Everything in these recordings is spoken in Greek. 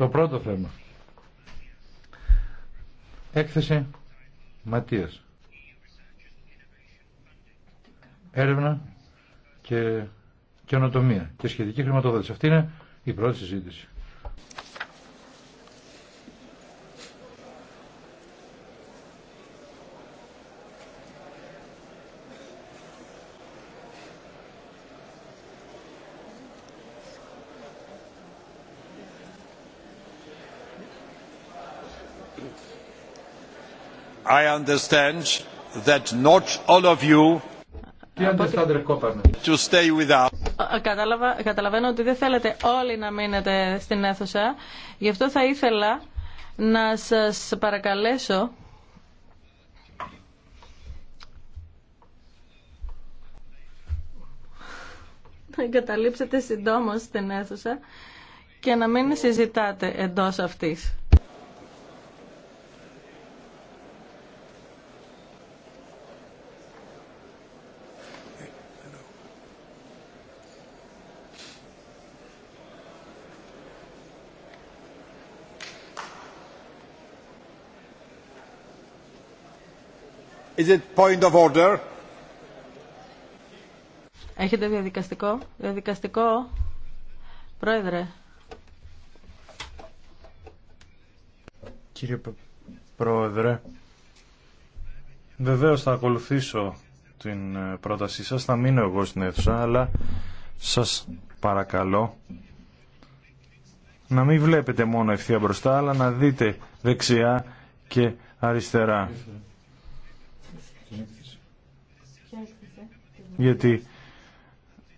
Το πρώτο θέμα. Έκθεση Ματίας. Έρευνα και καινοτομία και σχετική χρηματοδότηση. Αυτή είναι η πρώτη συζήτηση. I not all of you καταλαβαίνω ότι δεν θέλετε όλοι να μείνετε στην αίθουσα. Γι' αυτό θα ήθελα να σας παρακαλέσω να εγκαταλείψετε συντόμως στην αίθουσα και να μην συζητάτε εντός αυτής. Έχετε διαδικαστικό. Διαδικαστικό. Πρόεδρε. Κύριε Πρόεδρε, βεβαίως θα ακολουθήσω την ε, πρότασή σας. Θα μείνω εγώ στην αίθουσα, αλλά σας παρακαλώ να μην βλέπετε μόνο ευθεία μπροστά, αλλά να δείτε δεξιά και αριστερά. Γιατί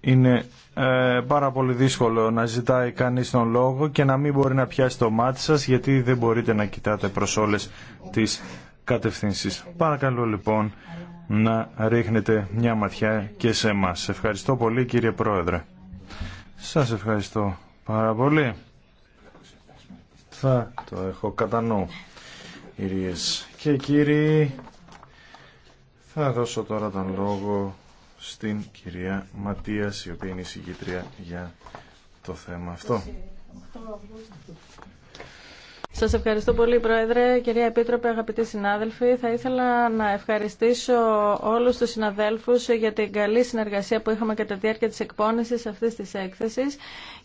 είναι ε, πάρα πολύ δύσκολο να ζητάει κανείς τον λόγο και να μην μπορεί να πιάσει το μάτι σας γιατί δεν μπορείτε να κοιτάτε προς όλες τις κατευθύνσεις. Παρακαλώ λοιπόν να ρίχνετε μια ματιά και σε μας. Ευχαριστώ πολύ κύριε Πρόεδρε. Σας ευχαριστώ πάρα πολύ. Θα το έχω κατά νου, κυρίες και κύριοι. Θα δώσω τώρα τον λόγο στην κυρία Ματίας, η οποία είναι η συγκήτρια για το θέμα αυτό. Σας ευχαριστώ πολύ Πρόεδρε, κυρία Επίτροπε, αγαπητοί συνάδελφοι. Θα ήθελα να ευχαριστήσω όλους τους συναδέλφους για την καλή συνεργασία που είχαμε κατά τη διάρκεια της εκπόνησης αυτής της έκθεσης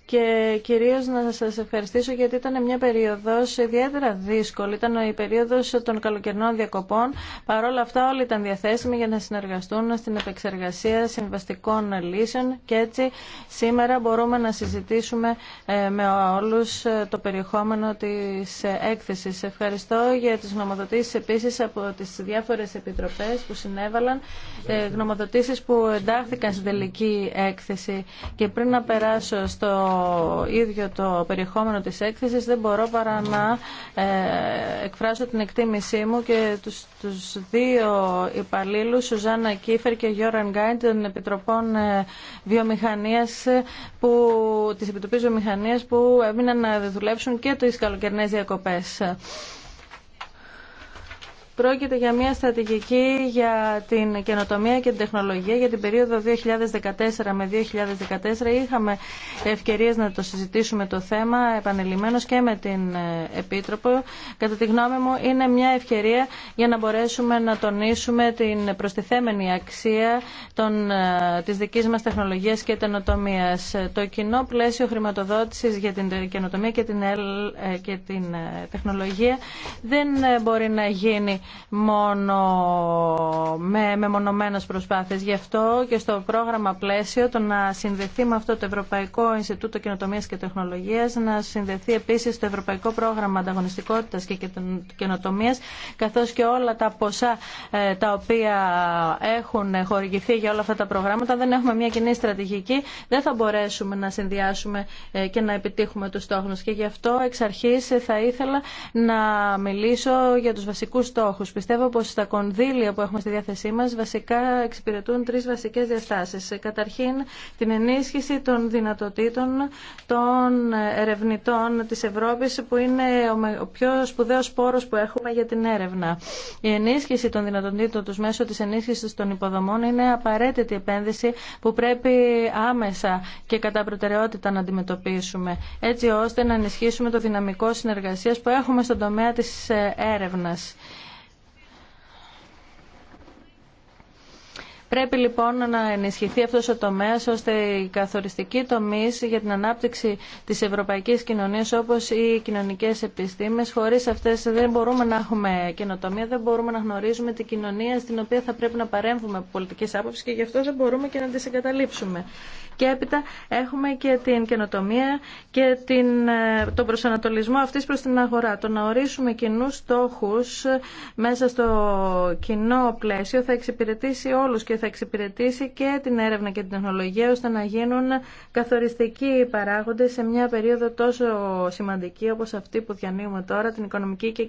και κυρίως να σας ευχαριστήσω γιατί ήταν μια περίοδος ιδιαίτερα δύσκολη. Ήταν η περίοδος των καλοκαιρινών διακοπών. Παρ' όλα αυτά όλοι ήταν διαθέσιμοι για να συνεργαστούν στην επεξεργασία συμβαστικών λύσεων και έτσι σήμερα μπορούμε να συζητήσουμε ε, με όλους ε, το περιεχόμενο της ε, έκθεσης. Ευχαριστώ για τις γνωμοδοτήσεις επίσης από τις διάφορες επιτροπές που συνέβαλαν, γνωμοδοτήσεις που εντάχθηκαν στην τελική έκθεση. Και πριν να περάσω στο ίδιο το περιεχόμενο της έκθεσης δεν μπορώ παρά να ε, εκφράσω την εκτίμησή μου και τους, τους δύο υπαλλήλους, Σουζάννα Κίφερ και Γιώραν Γκάιν των Επιτροπών ε, Βιομηχανίας που, της Επιτροπής Βιομηχανίας που έμειναν να δουλέψουν και τις καλοκαιρινές διακοπές. Πρόκειται για μια στρατηγική για την καινοτομία και την τεχνολογία για την περίοδο 2014 με 2014. Είχαμε ευκαιρίες να το συζητήσουμε το θέμα επανελειμμένως και με την ε, Επίτροπο. Κατά τη γνώμη μου είναι μια ευκαιρία για να μπορέσουμε να τονίσουμε την προστιθέμενη αξία των, ε, της δικής μας τεχνολογίας και τενοτομίας. Το κοινό πλαίσιο χρηματοδότησης για την καινοτομία και την ε, τεχνολογία δεν μπορεί να γίνει μόνο με μεμονωμένες προσπάθειες. Γι' αυτό και στο πρόγραμμα πλαίσιο το να συνδεθεί με αυτό το Ευρωπαϊκό Ινστιτούτο Καινοτομίας και Τεχνολογίας, να συνδεθεί επίσης το Ευρωπαϊκό Πρόγραμμα Ανταγωνιστικότητας και Καινοτομίας, καθώς και όλα τα ποσά ε, τα οποία έχουν χορηγηθεί για όλα αυτά τα προγράμματα. Δεν έχουμε μια κοινή στρατηγική, δεν θα μπορέσουμε να συνδυάσουμε ε, και να επιτύχουμε τους στόχους. Και γι' αυτό εξ αρχής θα ήθελα να μιλήσω για τους βασικούς στόχου στόχους. Πιστεύω πως τα κονδύλια που έχουμε στη διάθεσή μας βασικά εξυπηρετούν τρεις βασικές διαστάσεις. Καταρχήν την ενίσχυση των δυνατοτήτων των ερευνητών της Ευρώπης που είναι ο πιο σπουδαίος πόρος που έχουμε για την έρευνα. Η ενίσχυση των δυνατοτήτων τους μέσω της ενίσχυσης των υποδομών είναι απαραίτητη επένδυση που πρέπει άμεσα και κατά προτεραιότητα να αντιμετωπίσουμε έτσι ώστε να ενισχύσουμε το δυναμικό συνεργασίας που έχουμε στον τομέα της ε, έρευνας. Πρέπει λοιπόν να ενισχυθεί αυτός ο τομέας ώστε η καθοριστική τομή για την ανάπτυξη της ευρωπαϊκής κοινωνίας όπως οι κοινωνικές επιστήμες χωρίς αυτές δεν μπορούμε να έχουμε καινοτομία, δεν μπορούμε να γνωρίζουμε την κοινωνία στην οποία θα πρέπει να παρέμβουμε από πολιτικής άποψη και γι' αυτό δεν μπορούμε και να τι εγκαταλείψουμε. Και έπειτα έχουμε και την καινοτομία και την, ε, τον προσανατολισμό αυτής προς την αγορά. Το να ορίσουμε κοινού στόχους μέσα στο κοινό πλαίσιο θα εξυπηρετήσει όλους και θα εξυπηρετήσει και την έρευνα και την τεχνολογία ώστε να γίνουν καθοριστικοί παράγοντες σε μια περίοδο τόσο σημαντική όπως αυτή που διανύουμε τώρα, την οικονομική και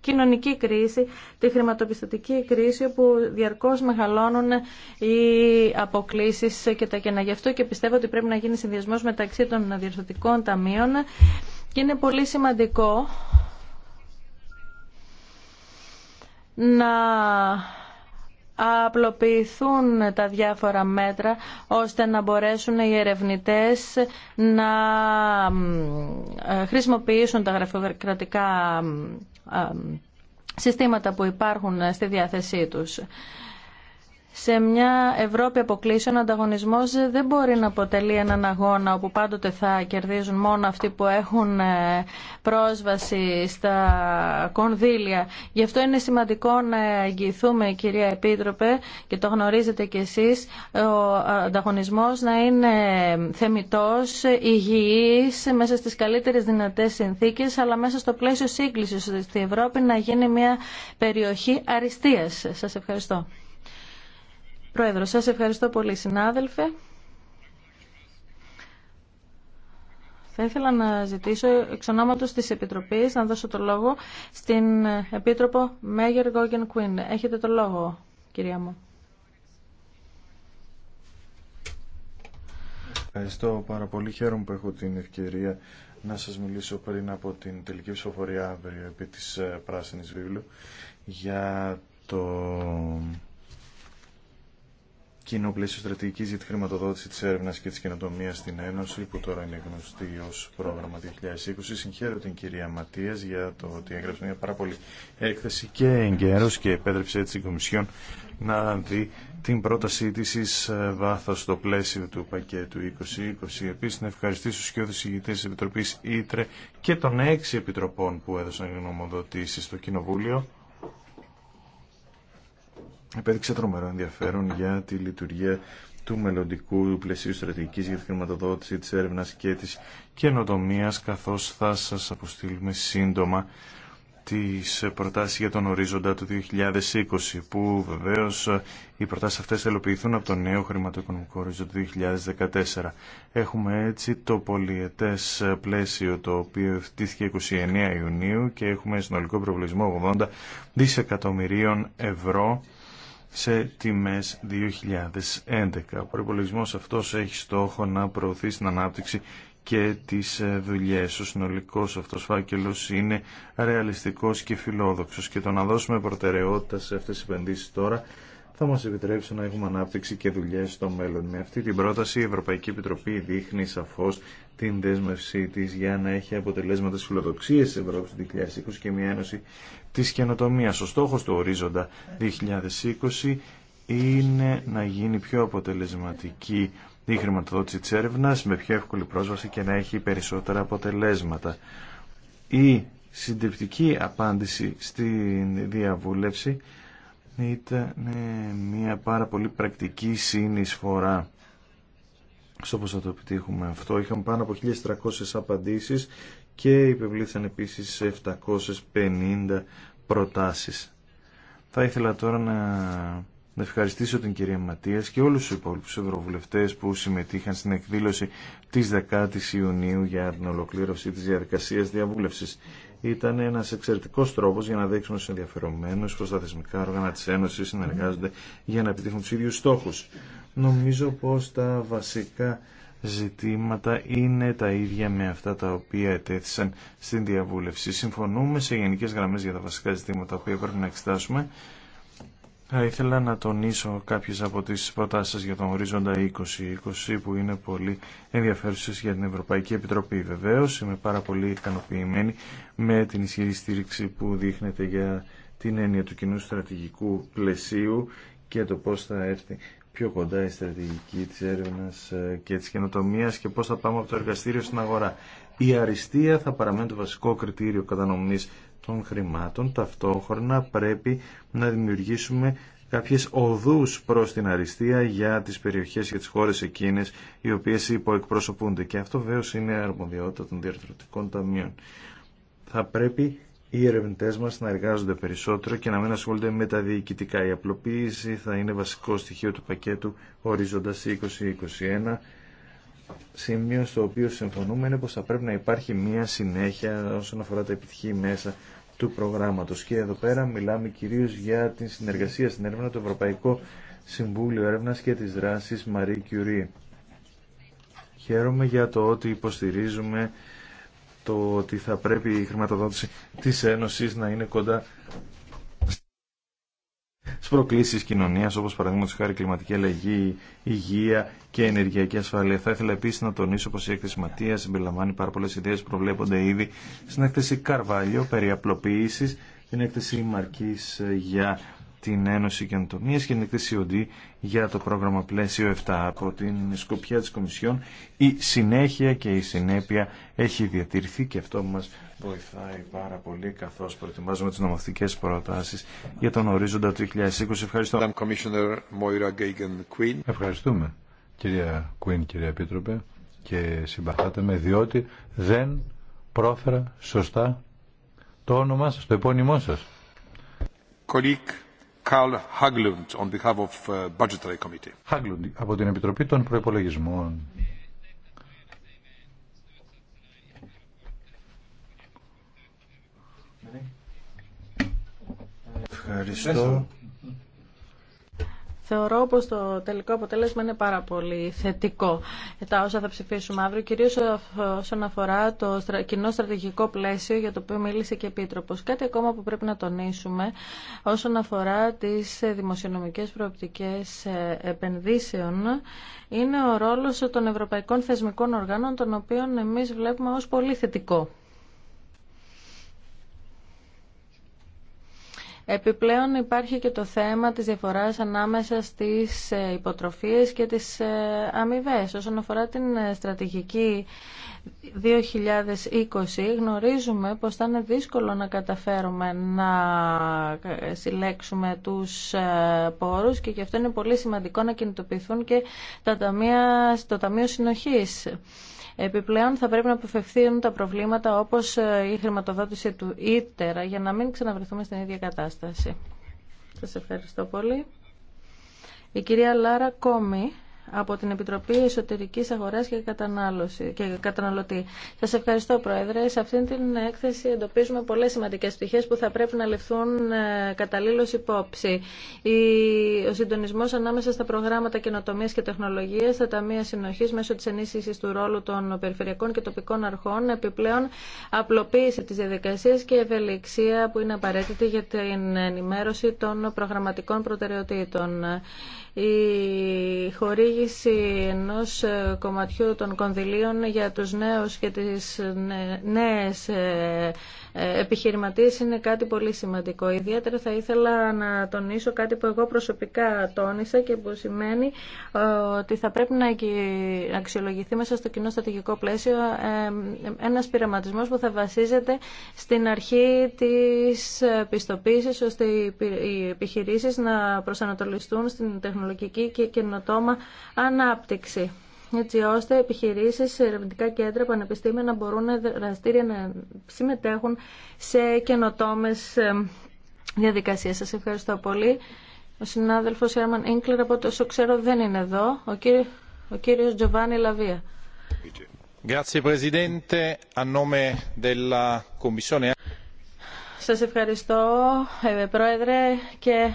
κοινωνική κρίση, τη χρηματοπιστωτική κρίση όπου διαρκώς μεγαλώνουν οι αποκλήσεις και τα κενά. Γι' αυτό και πιστεύω ότι πρέπει να γίνει συνδυασμό μεταξύ των διορθωτικών ταμείων και είναι πολύ σημαντικό να απλοποιηθούν τα διάφορα μέτρα ώστε να μπορέσουν οι ερευνητές να ε, χρησιμοποιήσουν τα γραφειοκρατικά ε, συστήματα που υπάρχουν στη διάθεσή τους σε μια Ευρώπη αποκλήσεων, ο ανταγωνισμός δεν μπορεί να αποτελεί έναν αγώνα όπου πάντοτε θα κερδίζουν μόνο αυτοί που έχουν ε, πρόσβαση στα κονδύλια. Γι' αυτό είναι σημαντικό να εγγυηθούμε, κυρία Επίτροπε, και το γνωρίζετε κι εσείς, ο ανταγωνισμός να είναι θεμητό, υγιής, μέσα στις καλύτερε δυνατές συνθήκε, αλλά μέσα στο πλαίσιο σύγκλησης στην Ευρώπη να γίνει μια περιοχή αριστεία. Σα ευχαριστώ. Πρόεδρο, σας ευχαριστώ πολύ συνάδελφε. Θα ήθελα να ζητήσω εξ ονόματος της Επιτροπής να δώσω το λόγο στην Επίτροπο Μέγερ Γκόγεν Κουίν. Έχετε το λόγο, κυρία μου. Ευχαριστώ πάρα πολύ. Χαίρομαι που έχω την ευκαιρία να σας μιλήσω πριν από την τελική ψηφοφορία αύριο επί της ε, Πράσινης Βίβλου για το κοινό πλαίσιο στρατηγικής για τη χρηματοδότηση της έρευνας και της καινοτομίας στην Ένωση, που τώρα είναι γνωστή ως πρόγραμμα 2020. Συγχαίρω την κυρία Ματίας για το ότι έγραψε μια πάρα πολύ έκθεση και εγκαίρος και επέτρεψε έτσι η Κομισιόν να δει την πρότασή της εις ε, βάθος στο πλαίσιο του πακέτου 2020. Επίσης να ευχαριστήσω τους και ηγητέ της Επιτροπής Ήτρε και των έξι επιτροπών που έδωσαν γνωμοδοτήσει στο Κοινοβούλιο επέδειξε τρομερό ενδιαφέρον για τη λειτουργία του μελλοντικού πλαισίου στρατηγικής για τη χρηματοδότηση της έρευνας και της καινοτομίας, καθώς θα σας αποστείλουμε σύντομα τις προτάσεις για τον ορίζοντα του 2020, που βεβαίως οι προτάσεις αυτές ελοποιηθούν από το νέο χρηματοοικονομικό ορίζοντα του 2014. Έχουμε έτσι το πολιετές πλαίσιο το οποίο ευθύθηκε 29 Ιουνίου και έχουμε συνολικό προβλησμό 80 δισεκατομμυρίων ευρώ σε τιμές 2011. Ο προπολογισμό αυτός έχει στόχο να προωθεί στην ανάπτυξη και τις ε, δουλειές. Ο συνολικός αυτός φάκελος είναι ρεαλιστικός και φιλόδοξος και το να δώσουμε προτεραιότητα σε αυτές τις επενδύσεις τώρα θα μας επιτρέψει να έχουμε ανάπτυξη και δουλειέ στο μέλλον. Με αυτή την πρόταση η Ευρωπαϊκή Επιτροπή δείχνει σαφώς την δέσμευσή της για να έχει αποτελέσματα στις φιλοδοξίες της Ευρώπης 2020 και μια ένωση της καινοτομίας. Ο στόχος του ορίζοντα 2020 είναι να γίνει πιο αποτελεσματική η χρηματοδότηση της έρευνας με πιο εύκολη πρόσβαση και να έχει περισσότερα αποτελέσματα. Η συντριπτική απάντηση στην διαβούλευση ήταν ναι, μια πάρα πολύ πρακτική συνεισφορά στο πώς θα το επιτύχουμε αυτό. Είχαμε πάνω από 1.300 απαντήσεις και υπευλήθησαν επίσης 750 προτάσεις. Θα ήθελα τώρα να να ευχαριστήσω την κυρία Ματίας και όλους τους υπόλοιπους ευρωβουλευτές που συμμετείχαν στην εκδήλωση της 10ης Ιουνίου για την ολοκλήρωση της διαδικασίας διαβούλευσης. Ήταν ένας εξαιρετικός τρόπος για να δείξουμε στους ενδιαφερομένους πως τα θεσμικά όργανα της Ένωσης συνεργάζονται για να επιτύχουν τους ίδιους στόχους. Νομίζω πως τα βασικά ζητήματα είναι τα ίδια με αυτά τα οποία ετέθησαν στην διαβούλευση. Συμφωνούμε σε γενικές γραμμές για τα βασικά ζητήματα που πρέπει να εξετάσουμε θα ήθελα να τονίσω κάποιες από τις προτάσεις για τον ορίζοντα 2020 που είναι πολύ ενδιαφέρουσες για την Ευρωπαϊκή Επιτροπή. Βεβαίως είμαι πάρα πολύ ικανοποιημένη με την ισχυρή στήριξη που δείχνεται για την έννοια του κοινού στρατηγικού πλαισίου και το πώς θα έρθει πιο κοντά η στρατηγική της έρευνας ε, και της καινοτομίας και πώς θα πάμε από το εργαστήριο στην αγορά. Η αριστεία θα παραμένει το βασικό κριτήριο κατανομής των χρημάτων, ταυτόχρονα πρέπει να δημιουργήσουμε κάποιες οδούς προς την αριστεία για τις περιοχές και τις χώρες εκείνες οι οποίες υποεκπροσωπούνται. Και αυτό βέβαια είναι αρμοδιότητα των διαρθρωτικών ταμείων. Θα πρέπει οι ερευνητέ μα να εργάζονται περισσότερο και να μην ασχολούνται με τα διοικητικά. Η απλοποίηση θα είναι βασικό στοιχείο του πακέτου ορίζοντα 2021 σημείο στο οποίο συμφωνούμε είναι πως θα πρέπει να υπάρχει μία συνέχεια όσον αφορά τα επιτυχή μέσα του προγράμματος. Και εδώ πέρα μιλάμε κυρίως για την συνεργασία στην έρευνα του Ευρωπαϊκού Συμβούλιο Έρευνα και τις δράσεις Marie Curie. Χαίρομαι για το ότι υποστηρίζουμε το ότι θα πρέπει η χρηματοδότηση της Ένωσης να είναι κοντά στι προκλήσει κοινωνία, όπω παραδείγματο χάρη κλιματική αλλαγή, υγεία και ενεργειακή ασφάλεια. Θα ήθελα επίση να τονίσω πω η έκθεση Ματία συμπεριλαμβάνει πάρα πολλέ ιδέε που προβλέπονται ήδη στην έκθεση Καρβάλιο περί απλοποίηση, την έκθεση Μαρκή για την Ένωση Καινοτομία και την εκθέση ΟΝΤΗ για το πρόγραμμα πλαίσιο 7 από την σκοπιά τη Κομισιόν. Η συνέχεια και η συνέπεια έχει διατηρηθεί και αυτό μα βοηθάει πάρα πολύ καθώ προετοιμάζουμε τι νομοθετικέ προτάσει για τον ορίζοντα του 2020. Ευχαριστώ. Ευχαριστούμε κυρία Κουίν, κυρία Επίτροπε και συμπαθάτε με διότι δεν πρόφερα σωστά το όνομά σα, το επώνυμό σας. Κολίκ. Καρλ uh, από την Επιτροπή των Προϋπολογισμών. Ευχαριστώ. Θεωρώ πως το τελικό αποτέλεσμα είναι πάρα πολύ θετικό. Ε, τα όσα θα ψηφίσουμε αύριο, κυρίως όσον αφορά το κοινό στρατηγικό πλαίσιο για το οποίο μίλησε και η Επίτροπος. Κάτι ακόμα που πρέπει να τονίσουμε όσον αφορά τις δημοσιονομικές προοπτικές ε, επενδύσεων είναι ο ρόλος των ευρωπαϊκών θεσμικών οργάνων, τον οποίο εμείς βλέπουμε ως πολύ θετικό. Επιπλέον υπάρχει και το θέμα της διαφοράς ανάμεσα στις ε, υποτροφίες και τις ε, αμοιβέ. Όσον αφορά την ε, στρατηγική 2020 γνωρίζουμε πως θα είναι δύσκολο να καταφέρουμε να συλλέξουμε τους πόρους και γι' αυτό είναι πολύ σημαντικό να κινητοποιηθούν και τα ταμεία, το Ταμείο Συνοχής. Επιπλέον θα πρέπει να αποφευθύνουν τα προβλήματα όπως ε, η χρηματοδότηση του ΙΤΕΡΑ για να μην ξαναβρεθούμε στην ίδια κατάσταση. Σας ευχαριστώ πολύ. Η κυρία Λάρα Κόμη από την Επιτροπή Εσωτερικής Αγοράς και, Κατανάλωση, και Καταναλωτή. Σας ευχαριστώ Πρόεδρε. Σε αυτήν την έκθεση εντοπίζουμε πολλές σημαντικές πτυχές που θα πρέπει να ληφθούν ε, καταλήλως υπόψη. Ο συντονισμός ανάμεσα στα προγράμματα καινοτομίας και τεχνολογίας, τα ταμεία συνοχής μέσω της ενίσχυσης του ρόλου των περιφερειακών και τοπικών αρχών, επιπλέον απλοποίηση της διαδικασίας και ευελιξία που είναι απαραίτητη για την ενημέρωση των προγραμματικών προτεραιοτήτων η χορήγηση ενός κομματιού των κονδυλίων για τους νέους και τις νέες ε, ε, επιχειρηματίες είναι κάτι πολύ σημαντικό. Ιδιαίτερα θα ήθελα να τονίσω κάτι που εγώ προσωπικά τόνισα και που σημαίνει ε, ότι θα πρέπει να αξιολογηθεί μέσα στο κοινό στρατηγικό πλαίσιο ένας πειραματισμός που θα βασίζεται στην αρχή της πιστοποίησης ώστε οι επιχειρήσεις να προσανατολιστούν στην τεχνολογία τεχνολογική και καινοτόμα ανάπτυξη έτσι ώστε επιχειρήσεις, ερευνητικά κέντρα, πανεπιστήμια να μπορούν δραστήρια να συμμετέχουν σε καινοτόμες ε, διαδικασίες. Σας ευχαριστώ πολύ. Ο συνάδελφος Έρμαν Ίνκλερ, από όσο ξέρω δεν είναι εδώ, ο, κύριο, ο κύριος Τζοβάνι Λαβία. Σας ευχαριστώ, ε, Πρόεδρε, και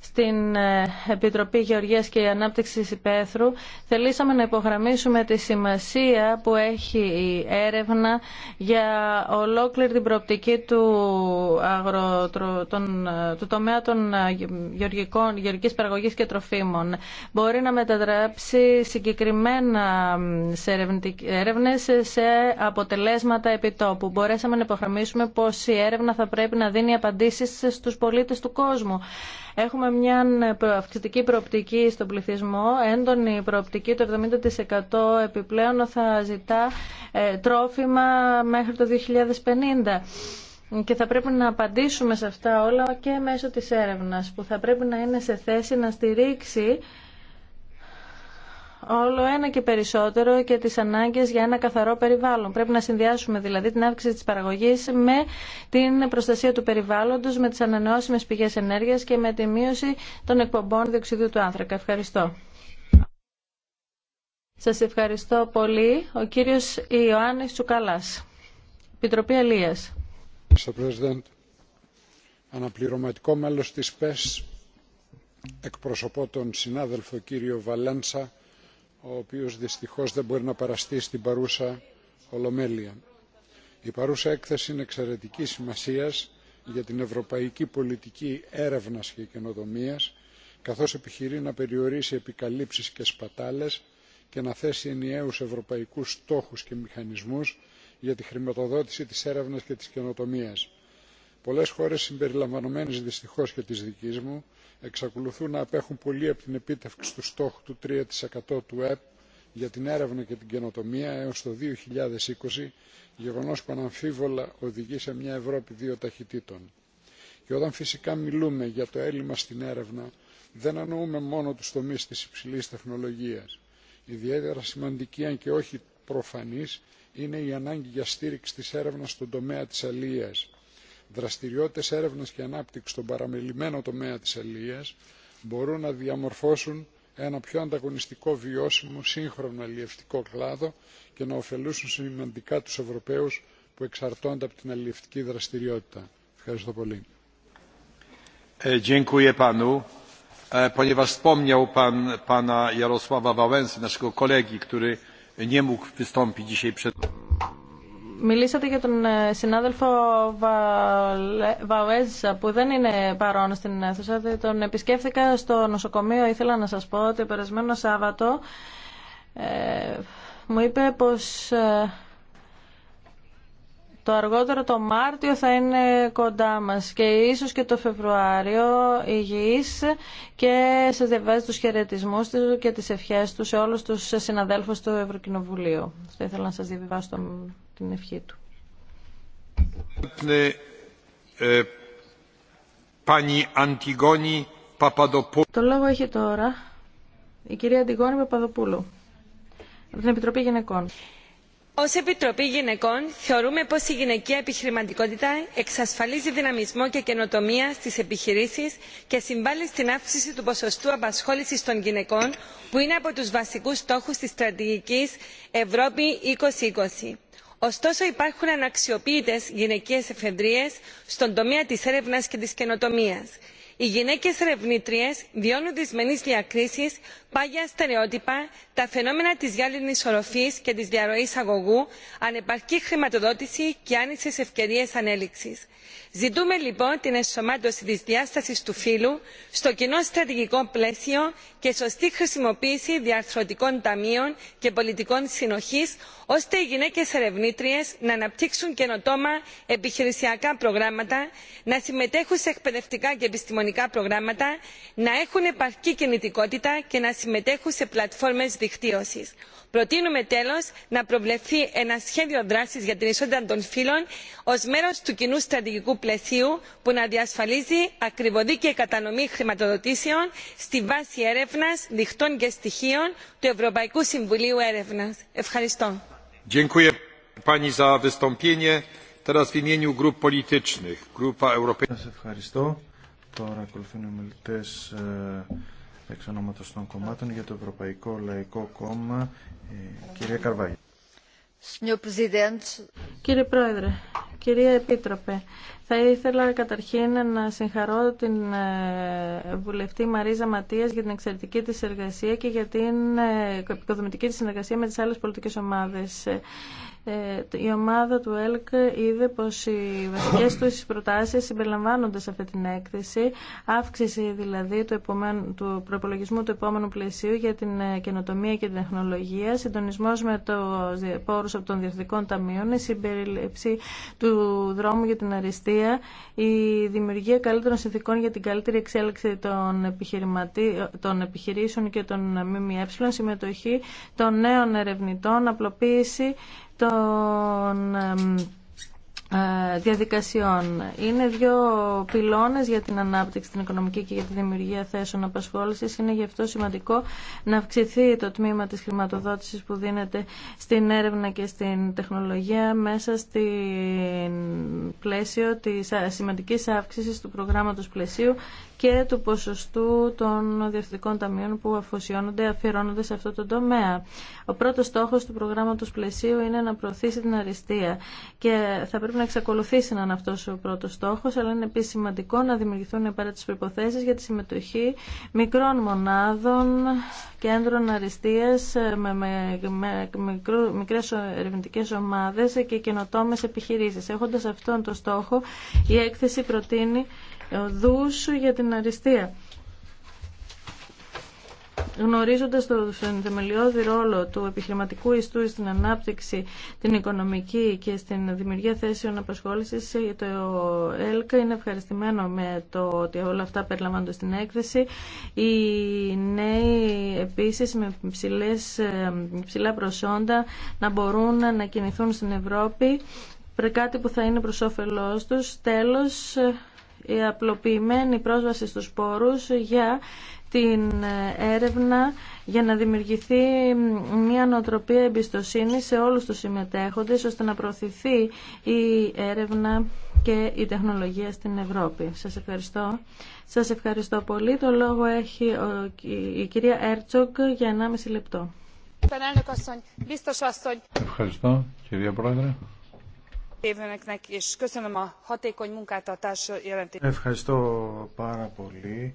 στην ε, Επιτροπή Γεωργίας και Ανάπτυξης Υπέθρου θελήσαμε να υπογραμμίσουμε τη σημασία που έχει η έρευνα για ολόκληρη την προοπτική του, αγρο, τον, ε, τομέα των ε, γεωργικών, γεωργικής παραγωγής και τροφίμων. Μπορεί να μετατράψει συγκεκριμένα σε έρευνες σε αποτελέσματα επιτόπου. Μπορέσαμε να υπογραμμίσουμε πως η έρευνα θα πρέπει να δίνει απαντήσεις στους πολίτες του κόσμου. Έχουμε μια αυξητική προοπτική στον πληθυσμό, έντονη προοπτική, το 70% επιπλέον θα ζητά ε, τρόφιμα μέχρι το 2050. Και θα πρέπει να απαντήσουμε σε αυτά όλα και μέσω της έρευνας που θα πρέπει να είναι σε θέση να στηρίξει όλο ένα και περισσότερο και τις ανάγκες για ένα καθαρό περιβάλλον. Πρέπει να συνδυάσουμε δηλαδή την αύξηση της παραγωγής με την προστασία του περιβάλλοντος, με τις ανανεώσιμες πηγές ενέργειας και με τη μείωση των εκπομπών διοξιδίου του άνθρακα. Ευχαριστώ. Σας ευχαριστώ πολύ. Ο κύριος Ιωάννης Τσουκαλάς, Επιτροπή Ελίας. President, αναπληρωματικό μέλος της ΠΕΣ, εκπροσωπώ τον συνάδελφο κύριο Βαλένσα, ο οποίος δυστυχώς δεν μπορεί να παραστεί στην παρούσα ολομέλεια. Η παρούσα έκθεση είναι εξαιρετική σημασίας για την ευρωπαϊκή πολιτική έρευνας και καινοτομίας καθώς επιχειρεί να περιορίσει επικαλύψεις και σπατάλες και να θέσει ενιαίους ευρωπαϊκούς στόχους και μηχανισμούς για τη χρηματοδότηση της έρευνας και της καινοτομίας πολλές χώρες συμπεριλαμβανομένες δυστυχώς και της δικής μου εξακολουθούν να απέχουν πολύ από την επίτευξη του στόχου του 3% του ΕΠ για την έρευνα και την καινοτομία έως το 2020, γεγονός που αναμφίβολα οδηγεί σε μια Ευρώπη δύο ταχυτήτων. Και όταν φυσικά μιλούμε για το έλλειμμα στην έρευνα, δεν ανοούμε μόνο τους τομείς της υψηλής τεχνολογίας. Ιδιαίτερα σημαντική, αν και όχι προφανής, είναι η ανάγκη για στήριξη της έρευνας στον τομέα της αλίας δραστηριότητες έρευνας και ανάπτυξης στον παραμελημένο τομέα της αλληλείας μπορούν να διαμορφώσουν ένα πιο ανταγωνιστικό βιώσιμο σύγχρονο αλλιευτικό κλάδο και να ωφελούσουν σημαντικά τους Ευρωπαίους που εξαρτώνται από την αλλιευτική δραστηριότητα. Ευχαριστώ πολύ. Ε, dziękuję ε, Ponieważ wspomniał pan pana Jarosława Wałęsy, naszego kolegi, który nie mógł wystąpić dzisiaj przed Μιλήσατε για τον ε, συνάδελφο Βαουέζα που δεν είναι παρόν στην αίθουσα. Τον επισκέφθηκα στο νοσοκομείο. Ήθελα να σας πω ότι περασμένο Σάββατο ε, μου είπε πως ε, το αργότερο το Μάρτιο θα είναι κοντά μας και ίσως και το Φεβρουάριο υγιής και σας διαβάζει τους χαιρετισμού του και τις ευχές του σε όλους τους συναδέλφους του Ευρωκοινοβουλίου. Θα ήθελα να σας διαβιβάσω το την ευχή του. E, Το λόγο έχει τώρα η κυρία Αντιγόνη Παπαδοπούλου από την Επιτροπή Γυναικών. Ω Επιτροπή Γυναικών, θεωρούμε πω η γυναικεία επιχειρηματικότητα εξασφαλίζει δυναμισμό και καινοτομία στι επιχειρήσει και συμβάλλει στην αύξηση του ποσοστού απασχόληση των γυναικών, που είναι από του βασικού στόχου τη στρατηγική Ευρώπη 2020 ωστόσο υπάρχουν αναξιοποιητέ γυναικείε εφεδρείε στον τομέα τη έρευνα και τη καινοτομία οι γυναίκε ερευνήτριε βιώνουν δυσμενεί διακρίσει πάγια στερεότυπα τα φαινόμενα τη γυάλινη οροφή και τη διαρροή αγωγού ανεπαρκή χρηματοδότηση και άνισε ευκαιρίε ανέλυξη. ζητούμε λοιπόν την ενσωμάτωση τη διάσταση του φύλου στο κοινό στρατηγικό πλαίσιο και σωστή χρησιμοποίηση διαρθρωτικών ταμείων και πολιτικών συνοχή ώστε οι γυναίκε ερευνήτριε να αναπτύξουν καινοτόμα επιχειρησιακά προγράμματα να συμμετέχουν σε εκπαιδευτικά και επιστημονικά επιστημονικά προγράμματα να έχουν επαρκή κινητικότητα και να συμμετέχουν σε πλατφόρμες δικτύωσης. προτείνουμε τέλος να προβλεφθεί ένα σχέδιο δράσης για την ισότητα των φύλων ως μέρος του κοινού στρατηγικού πλαισίου που να διασφαλίζει ακριβοδίκαιη κατανομή χρηματοδοτήσεων στη βάση έρευνας δικτών και στοιχείων του ευρωπαϊκού συμβουλίου έρευνας. ευχαριστώ. Τώρα ακολουθούν οι μιλητές ε, εξ των κομμάτων για το Ευρωπαϊκό Λαϊκό Κόμμα. Ε, κυρία Καρβάγη. Κύριε Πρόεδρε, κυρία Επίτροπε, θα ήθελα καταρχήν να συγχαρώ την ε, βουλευτή Μαρίζα Ματίας για την εξαιρετική της εργασία και για την οικοδομητική της συνεργασία με τις άλλες πολιτικές ομάδες. Ε, η ομάδα του ΕΛΚ είδε πως οι βασικές του προτάσεις συμπεριλαμβάνονται σε αυτή την έκθεση, αύξηση δηλαδή του, επομένου, του προπολογισμού του επόμενου πλαισίου για την ε, καινοτομία και την τεχνολογία, συντονισμός με το πόρους από των διευθυντικών ταμείων, η συμπεριλήψη του δρόμου για την αριστεία, η δημιουργία καλύτερων συνθηκών για την καλύτερη εξέλιξη των, των επιχειρήσεων και των ΜΜΕ, συμμετοχή των νέων ερευνητών, απλοποίηση τον... Ε, διαδικασιών. Είναι δύο πυλώνες για την ανάπτυξη, την οικονομική και για τη δημιουργία θέσεων απασχόλησης. Είναι γι' αυτό σημαντικό να αυξηθεί το τμήμα της χρηματοδότησης που δίνεται στην έρευνα και στην τεχνολογία μέσα στην πλαίσιο της σημαντικής αύξησης του προγράμματος πλαισίου και του ποσοστού των διευθυντικών ταμείων που αφοσιώνονται, αφιερώνονται σε αυτό το τομέα. Ο πρώτος στόχος του προγράμματος πλαισίου είναι να προωθήσει την αριστεία και θα να εξακολουθήσει να είναι αυτό ο πρώτο στόχο, αλλά είναι επίση σημαντικό να δημιουργηθούν απαραίτητε προποθέσει για τη συμμετοχή μικρών μονάδων, κέντρων αριστεία, με, με, με μικρέ ερευνητικέ ομάδε και καινοτόμε επιχειρήσει. Έχοντα αυτόν τον στόχο, η έκθεση προτείνει Δούσου για την αριστεία γνωρίζοντας τον θεμελιώδη ρόλο του επιχειρηματικού ιστού στην ανάπτυξη, την οικονομική και στην δημιουργία θέσεων απασχόλησης, το ΕΛΚΑ είναι ευχαριστημένο με το ότι όλα αυτά περιλαμβάνονται στην έκθεση. Οι νέοι επίσης με ψηλές, ψηλά προσόντα να μπορούν να κινηθούν στην Ευρώπη, κάτι που θα είναι προς όφελός τους. Τέλος, η απλοποιημένη πρόσβαση στους πόρους για την έρευνα για να δημιουργηθεί μια νοοτροπία εμπιστοσύνη σε όλους τους συμμετέχοντες ώστε να προωθηθεί η έρευνα και η τεχνολογία στην Ευρώπη. Σας ευχαριστώ. Σας ευχαριστώ πολύ. Το λόγο έχει η κυρία Έρτσογκ για 1,5 λεπτό. Ευχαριστώ κυρία Πρόεδρε. Ευχαριστώ πάρα πολύ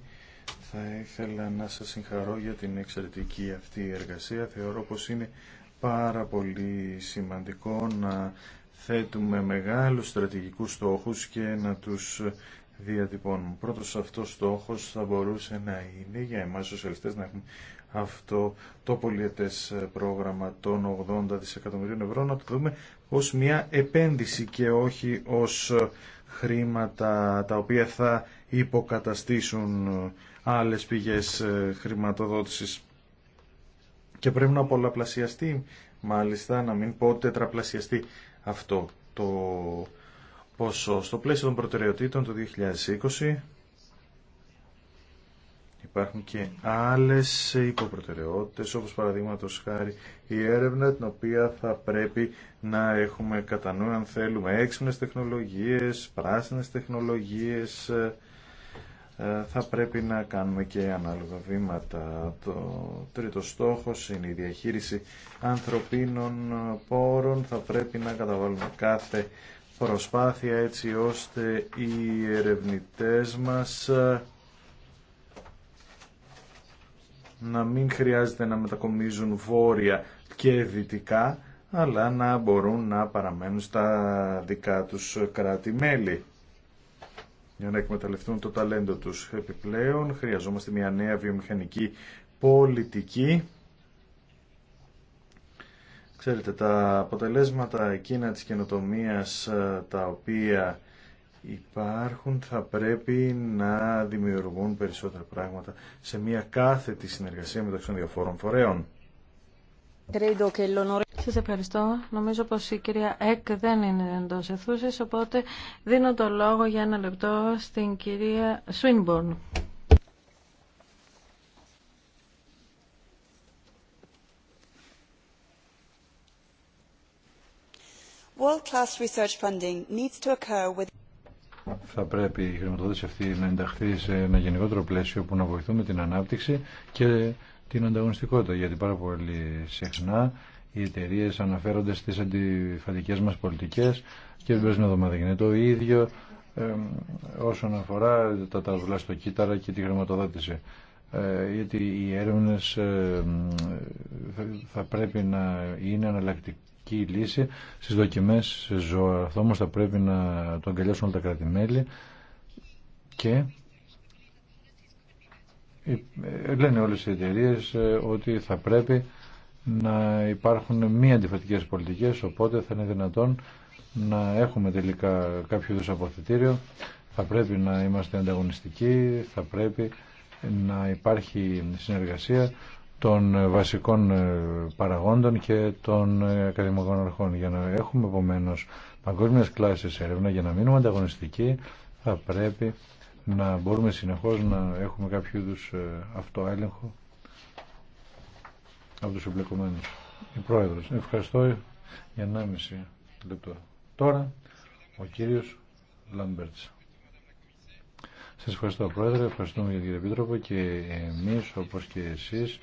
θα ήθελα να σας συγχαρώ για την εξαιρετική αυτή εργασία. Θεωρώ πως είναι πάρα πολύ σημαντικό να θέτουμε μεγάλους στρατηγικούς στόχους και να τους διατυπώνουμε. Πρώτος αυτός στόχος θα μπορούσε να είναι για εμάς σοσιαλιστές να έχουμε αυτό το πολιετές πρόγραμμα των 80 δισεκατομμυρίων ευρώ να το δούμε ως μια επένδυση και όχι ως χρήματα τα οποία θα υποκαταστήσουν άλλες πηγές ε, χρηματοδότησης. Και πρέπει να πολλαπλασιαστεί, μάλιστα, να μην πω τετραπλασιαστεί αυτό το ποσό. Στο πλαίσιο των προτεραιοτήτων του 2020 υπάρχουν και άλλες υποπροτεραιότητες, όπως παραδείγματο χάρη η έρευνα, την οποία θα πρέπει να έχουμε κατά νου αν θέλουμε έξυπνες τεχνολογίες, πράσινες τεχνολογίες, ε, θα πρέπει να κάνουμε και ανάλογα βήματα. Το τρίτο στόχος είναι η διαχείριση ανθρωπίνων πόρων. Θα πρέπει να καταβάλουμε κάθε προσπάθεια έτσι ώστε οι ερευνητές μας ε, να μην χρειάζεται να μετακομίζουν βόρεια και δυτικά αλλά να μπορούν να παραμένουν στα δικά τους κράτη-μέλη για να εκμεταλλευτούν το ταλέντο τους. Επιπλέον χρειαζόμαστε μια νέα βιομηχανική πολιτική. Ξέρετε, τα αποτελέσματα εκείνα της καινοτομίας ε, τα οποία υπάρχουν θα πρέπει να δημιουργούν περισσότερα πράγματα σε μια κάθετη συνεργασία μεταξύ των διαφόρων φορέων. Σας ευχαριστώ. Νομίζω πως η κυρία Εκ δεν είναι εντός αιθούσης, οπότε δίνω το λόγο για ένα λεπτό στην κυρία Σουίνμπορν. Θα πρέπει η χρηματοδότηση αυτή να ενταχθεί σε ένα γενικότερο πλαίσιο που να βοηθούμε την ανάπτυξη και την ανταγωνιστικότητα, γιατί πάρα πολύ συχνά οι εταιρείε αναφέρονται στις αντιφατικές μας πολιτικές και την να εβδομάδα γίνεται το ίδιο όσον αφορά τα ταυλά στο κύτταρα και τη χρηματοδότηση. Ε, γιατί οι έρευνε θα πρέπει να είναι αναλλακτική λύση στι δοκιμέ ζώα. Αυτό όμω θα πρέπει να το αγκαλιάσουν όλα τα κράτη-μέλη και ε, λένε όλες οι εταιρείε ε, ότι θα πρέπει να υπάρχουν μη αντιφατικές πολιτικές, οπότε θα είναι δυνατόν να έχουμε τελικά κάποιο είδους αποθετήριο, θα πρέπει να είμαστε ανταγωνιστικοί, θα πρέπει να υπάρχει συνεργασία των βασικών ε, παραγόντων και των ακαδημαϊκών αρχών για να έχουμε επομένω παγκόσμιες κλάσεις έρευνα για να μείνουμε ανταγωνιστικοί θα πρέπει να μπορούμε συνεχώς να έχουμε κάποιο είδου ε, αυτοέλεγχο από τους εμπλεκομένους. Η Πρόεδρος, ευχαριστώ για 1,5 λεπτό. Τώρα, ο κύριος Λαμπέρτς. Σας ευχαριστώ Πρόεδρε, ευχαριστούμε για την κύριε Επίτροπο και εμείς όπως και εσείς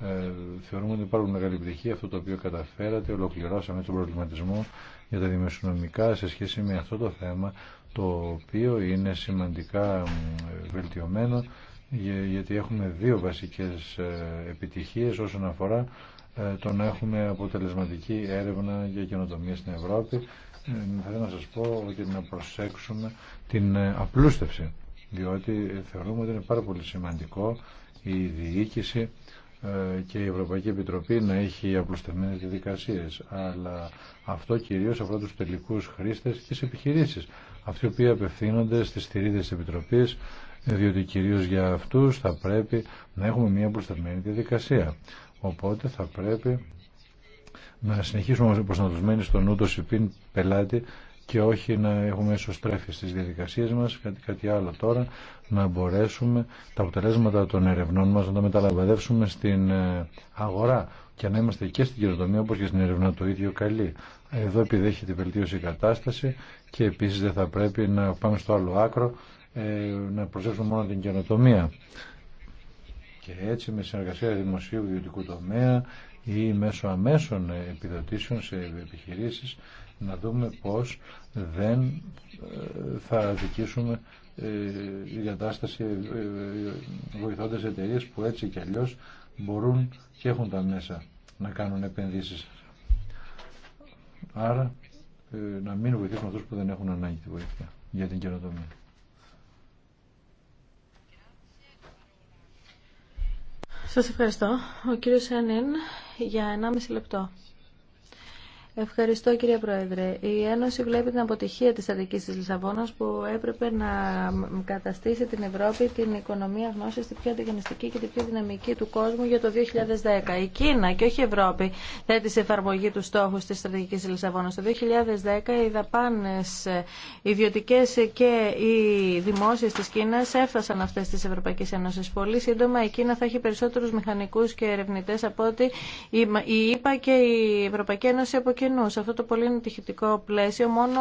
ε, θεωρούμε ότι υπάρχουν μεγάλη επιτυχία αυτό το οποίο καταφέρατε, ολοκληρώσαμε τον προβληματισμό για τα δημοσιονομικά σε σχέση με αυτό το θέμα το οποίο είναι σημαντικά βελτιωμένο γιατί έχουμε δύο βασικές ε, επιτυχίες όσον αφορά ε, το να έχουμε αποτελεσματική έρευνα για καινοτομία στην Ευρώπη. Ε, Θα να σας πω ότι να προσέξουμε την απλούστευση, διότι θεωρούμε ότι είναι πάρα πολύ σημαντικό η διοίκηση και η Ευρωπαϊκή Επιτροπή να έχει απλουστευμένες διαδικασίες. Αλλά αυτό κυρίως αφορά τους τελικούς χρήστες και τις επιχειρήσεις αυτοί οι οποίοι απευθύνονται στις θηρίδες της Επιτροπής, διότι κυρίως για αυτούς θα πρέπει να έχουμε μια προστατευμένη διαδικασία. Οπότε θα πρέπει να συνεχίσουμε όμως στο στον ούτω υπήν πελάτη και όχι να έχουμε εσωστρέφει στις διαδικασίες μας, κάτι, κάτι άλλο τώρα, να μπορέσουμε τα αποτελέσματα των ερευνών μας να τα μεταλαμβαδεύσουμε στην ε, αγορά και να είμαστε και στην κοινοτομία όπως και στην ερευνά το ίδιο καλή. Εδώ επιδέχεται η βελτίωση η κατάσταση και επίσης δεν θα πρέπει να πάμε στο άλλο άκρο ε, να προσέξουμε μόνο την καινοτομία. Και έτσι με συνεργασία δημοσίου ιδιωτικού τομέα ή μέσω αμέσων επιδοτήσεων σε επιχειρήσεις να δούμε πώς δεν ε, θα δικήσουμε ε, η κατάσταση βοηθώντας εταιρείε που έτσι και αλλιώς μπορούν και έχουν τα μέσα να κάνουν επενδύσεις. Άρα ε, να μην βοηθήσουμε αυτούς που δεν έχουν ανάγκη τη βοήθεια για την καινοτομία. Σας ευχαριστώ. Ο κύριος Ένιν για 1,5 λεπτό. Ευχαριστώ κύριε Πρόεδρε. Η Ένωση βλέπει την αποτυχία της στρατηγικής της Λισαβόνας που έπρεπε να καταστήσει την Ευρώπη την οικονομία γνώσης την πιο ανταγωνιστική και την πιο δυναμική του κόσμου για το 2010. Η Κίνα και όχι η Ευρώπη θέτει σε εφαρμογή του στόχου της στρατηγικής της Λισαβόνας. Το 2010 οι δαπάνες ιδιωτικές και οι δημόσιες της Κίνας έφτασαν αυτές της Ευρωπαϊκής Ένωσης. Πολύ σύντομα η Κίνα θα έχει περισσότερους μηχανικούς και ερευνητές από ότι η ΕΠΑ και η Ευρωπαϊκή Ένωση από σε αυτό το πολύ εντυχητικό πλαίσιο μόνο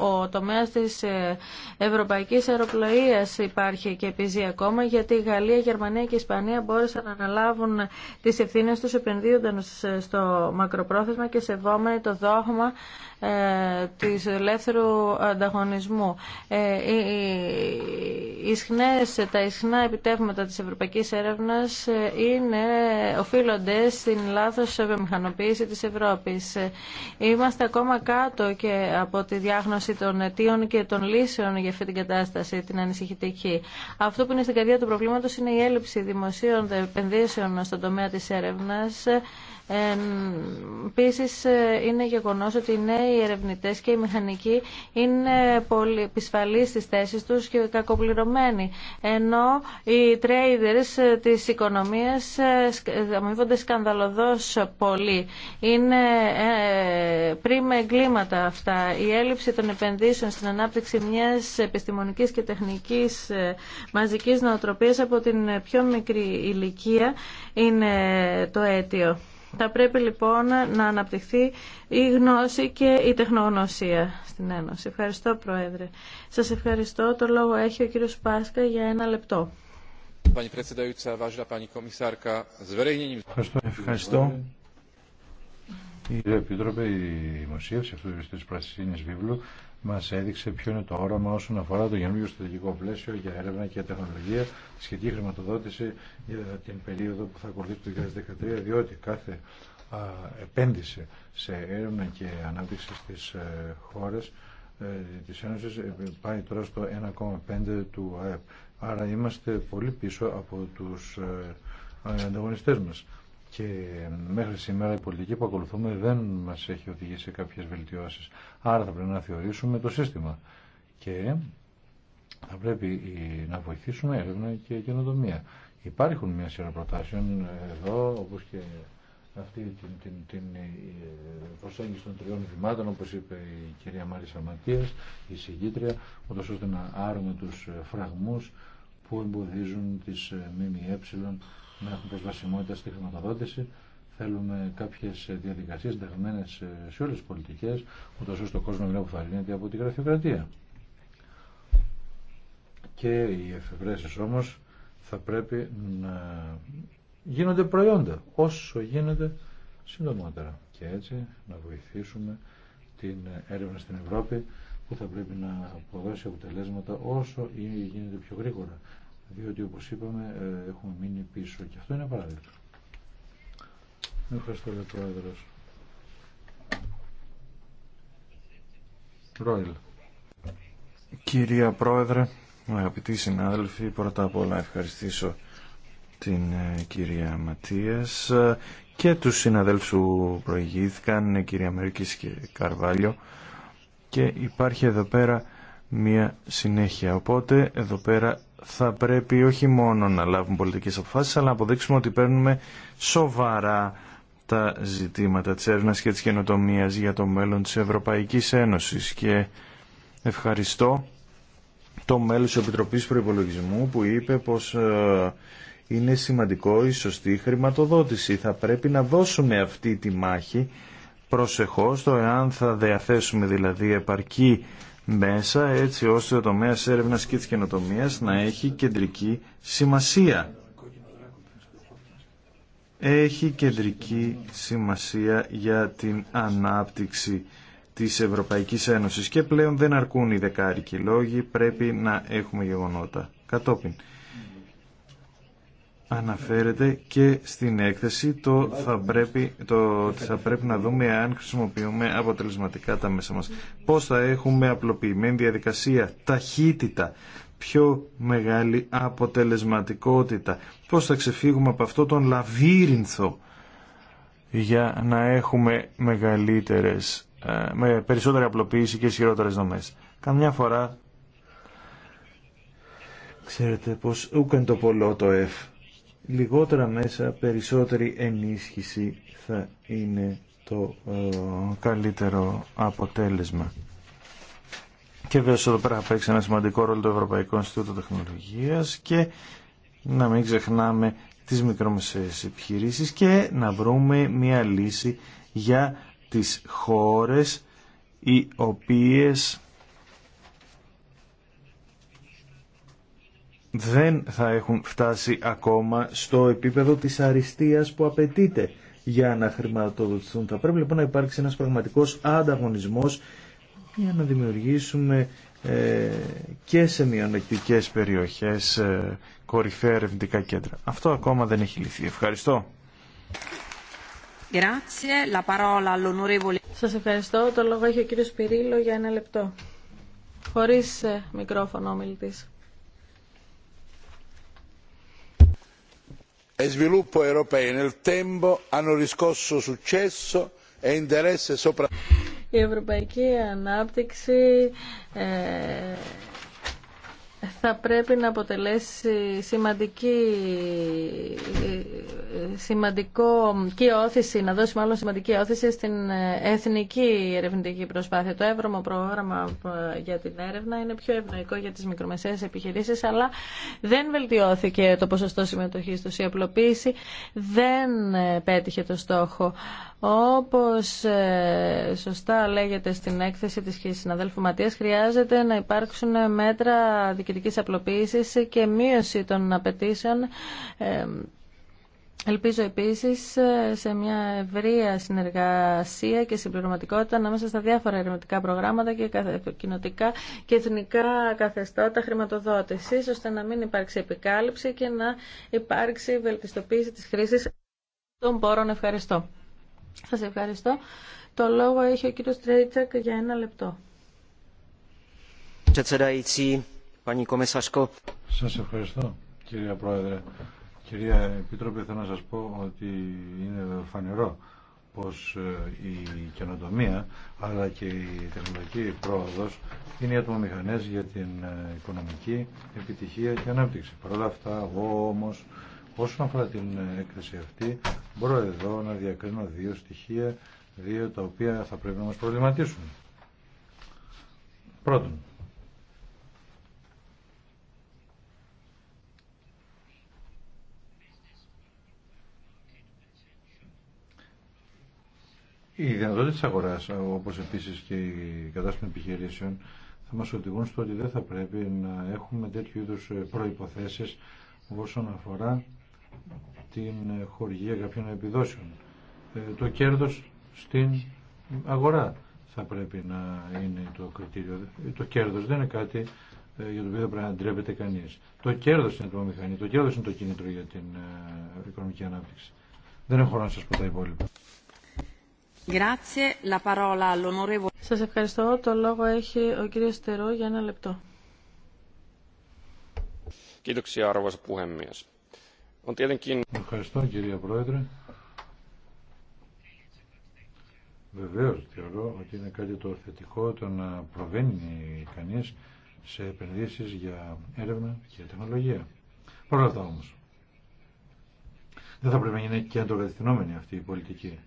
ο τομέας της ε, ευρωπαϊκής Αεροπλοεία υπάρχει και επιζεί ακόμα γιατί η Γαλλία, η Γερμανία και η Ισπανία μπόρεσαν να αναλάβουν τις ευθύνες του επενδύοντα ε, στο μακροπρόθεσμα και σεβόμενοι το δόγμα ε, της ελεύθερου ανταγωνισμού. Ε, τα ισχνά επιτεύγματα της ευρωπαϊκής έρευνας ε, είναι, οφείλονται στην λάθος βιομηχανοποίηση της Ευρώπης. Είμαστε ακόμα κάτω και από τη διάγνωση των αιτίων και των λύσεων για αυτή την κατάσταση, την ανησυχητική. Αυτό που είναι στην καρδιά του προβλήματος είναι η έλλειψη δημοσίων επενδύσεων στον τομέα της έρευνας Επίση, ε, είναι γεγονό ότι οι νέοι ερευνητέ και οι μηχανικοί είναι πολύ επισφαλεί στι θέσει του και κακοπληρωμένοι. Ενώ οι traders ε, τη οικονομία ε, αμείβονται σκανδαλωδώ πολύ. Είναι πρίμα εγκλήματα αυτά. Η έλλειψη των επενδύσεων στην ανάπτυξη μια επιστημονική και τεχνική μαζική νοοτροπία από την πιο μικρή ηλικία είναι το αίτιο. Θα πρέπει λοιπόν να αναπτυχθεί η γνώση και η τεχνογνωσία στην Ένωση. Ευχαριστώ Πρόεδρε. Σας ευχαριστώ. Το λόγο έχει ο κύριος Πάσκα για ένα λεπτό. Ευχαριστώ. Μα έδειξε ποιο είναι το όραμα όσον αφορά το καινούργιο στρατηγικό πλαίσιο για έρευνα και τεχνολογία, σχετική χρηματοδότηση για την περίοδο που θα ακολουθήσει το 2013, διότι κάθε επένδυση σε έρευνα και ανάπτυξη στις ε, χώρες ε, της Ένωσης ε, πάει τώρα στο 1,5 του ΑΕΠ. Άρα είμαστε πολύ πίσω από τους ανταγωνιστέ μας και μέχρι σήμερα η πολιτική που ακολουθούμε δεν μας έχει οδηγήσει σε κάποιες βελτιώσεις. Άρα θα πρέπει να θεωρήσουμε το σύστημα και θα πρέπει να βοηθήσουμε έρευνα και καινοτομία. Υπάρχουν μια σειρά προτάσεων εδώ, όπως και αυτή την, την, την ε, προσέγγιση των τριών βημάτων, όπως είπε η κυρία Μαρίσα Ματίας, η συγκήτρια, ούτως ώστε να άρουμε τους φραγμούς που εμποδίζουν τις ε, ΜΜΕ να έχουν προσβασιμότητα στη χρηματοδότηση. Θέλουμε κάποιε διαδικασίε ενταγμένε σε όλε τι πολιτικέ, ούτω ώστε ο κόσμο να αποφαρύνεται από την γραφειοκρατία. Και οι εφευρέσει όμω θα πρέπει να γίνονται προϊόντα όσο γίνεται συντομότερα. Και έτσι να βοηθήσουμε την έρευνα στην Ευρώπη που θα πρέπει να αποδώσει αποτελέσματα όσο γίνεται πιο γρήγορα διότι όπως είπαμε ε, έχουμε μείνει πίσω και αυτό είναι παράδειγμα. Ευχαριστώ για πρόεδρος. Ρόιλ. Κυρία Πρόεδρε, αγαπητοί συνάδελφοι, πρώτα απ' όλα ευχαριστήσω την ε, κυρία Ματίας ε, και τους συναδέλφους που προηγήθηκαν, κυρία Μερικής και Καρβάλιο και υπάρχει εδώ πέρα μία συνέχεια. Οπότε εδώ πέρα θα πρέπει όχι μόνο να λάβουμε πολιτικές αποφάσεις, αλλά να αποδείξουμε ότι παίρνουμε σοβαρά τα ζητήματα της έρευνα και της καινοτομία για το μέλλον της Ευρωπαϊκής Ένωσης. Και ευχαριστώ το μέλος της Επιτροπής Προϋπολογισμού που είπε πως ε, είναι σημαντικό η σωστή χρηματοδότηση. Θα πρέπει να δώσουμε αυτή τη μάχη προσεχώς, το εάν θα διαθέσουμε δηλαδή επαρκή μέσα έτσι ώστε ο τομέα έρευνα και τη καινοτομία να έχει κεντρική σημασία. Έχει κεντρική σημασία για την ανάπτυξη της Ευρωπαϊκής Ένωσης και πλέον δεν αρκούν οι δεκάρικοι λόγοι, πρέπει να έχουμε γεγονότα. Κατόπιν, αναφέρεται και στην έκθεση το, θα πρέπει, το ότι θα πρέπει να δούμε αν χρησιμοποιούμε αποτελεσματικά τα μέσα μας. Πώς θα έχουμε απλοποιημένη διαδικασία, ταχύτητα, πιο μεγάλη αποτελεσματικότητα. Πώς θα ξεφύγουμε από αυτό τον λαβύρινθο για να έχουμε μεγαλύτερες, ε, με περισσότερη απλοποίηση και ισχυρότερες δομές. Καμιά φορά, ξέρετε πως ούκεν το πολλό το εφ λιγότερα μέσα, περισσότερη ενίσχυση θα είναι το ε, καλύτερο αποτέλεσμα. Και βέβαια εδώ πέρα παίξει ένα σημαντικό ρόλο το Ευρωπαϊκό Ινστιτούτο Τεχνολογίας και να μην ξεχνάμε τις μικρομεσαίες επιχειρήσεις και να βρούμε μια λύση για τις χώρες οι οποίες δεν θα έχουν φτάσει ακόμα στο επίπεδο της αριστείας που απαιτείται για να χρηματοδοτηθούν. Θα πρέπει λοιπόν να υπάρξει ένας πραγματικός ανταγωνισμός για να δημιουργήσουμε ε, και σε μειονεκτικές περιοχές ε, κορυφαία ερευνητικά κέντρα. Αυτό ακόμα δεν έχει λυθεί. Ευχαριστώ. Σας ευχαριστώ. Το λόγο έχει ο κύριος Πυρίλο για ένα λεπτό. Χωρίς ε, μικρόφωνο ο e sviluppo europei nel tempo hanno riscosso successo e interesse soprattutto θα πρέπει να αποτελέσει σημαντική, σημαντικό και όθηση, να δώσει μάλλον σημαντική όθηση στην εθνική ερευνητική προσπάθεια. Το εύρωμο πρόγραμμα για την έρευνα είναι πιο ευνοϊκό για τις μικρομεσαίες επιχειρήσεις, αλλά δεν βελτιώθηκε το ποσοστό συμμετοχής του. Η δεν πέτυχε το στόχο. Όπως ε, σωστά λέγεται στην έκθεση της συναδέλφου Ματίας, χρειάζεται να υπάρξουν μέτρα διοικητικής απλοποίησης και μείωση των απαιτήσεων ε, Ελπίζω επίσης σε μια ευρεία συνεργασία και συμπληρωματικότητα ανάμεσα στα διάφορα ερευνητικά προγράμματα και κοινοτικά και εθνικά καθεστώτα χρηματοδότησης, ώστε να μην υπάρξει επικάλυψη και να υπάρξει βελτιστοποίηση της χρήσης των πόρων. Ευχαριστώ. Σας ευχαριστώ. Το λόγο έχει ο κύριος Τρέιτσακ για ένα λεπτό. Σας ευχαριστώ κυρία Πρόεδρε. Κυρία Επίτροπε, θέλω να σας πω ότι είναι φανερό πως ε, η καινοτομία αλλά και η τεχνολογική πρόοδος είναι οι ατμομηχανές για την ε, οικονομική επιτυχία και ανάπτυξη. Παρ' όλα αυτά, εγώ όμως, όσον αφορά την έκθεση αυτή, μπορώ εδώ να διακρίνω δύο στοιχεία, δύο τα οποία θα πρέπει να μας προβληματίσουν. Πρώτον, Οι δυνατότητε τη αγορά, όπω επίση και οι κατάσταση επιχειρήσεων, θα μα οδηγούν στο ότι δεν θα πρέπει να έχουμε τέτοιου είδου ε, προποθέσει όσον αφορά την χορηγία κάποιων επιδόσεων. Ε, το κέρδο στην αγορά θα πρέπει να είναι το κριτήριο. Το κέρδο δεν είναι κάτι ε, για το οποίο δεν πρέπει να ντρέπεται κανεί. Το κέρδο είναι το μηχανή, το κέρδος είναι το κίνητρο για την οικονομική ανάπτυξη. Δεν έχω να σα πω τα υπόλοιπα. Σας ευχαριστώ. Το λόγο έχει ο κύριος Στερό για ένα λεπτό. Ευχαριστώ κυρία Πρόεδρε. Βεβαίω θεωρώ ότι είναι κάτι το θετικό το να προβαίνει κανεί σε επενδύσει για έρευνα και τεχνολογία. Παρ' όλα αυτά όμω, δεν θα πρέπει να είναι και αυτή η πολιτική.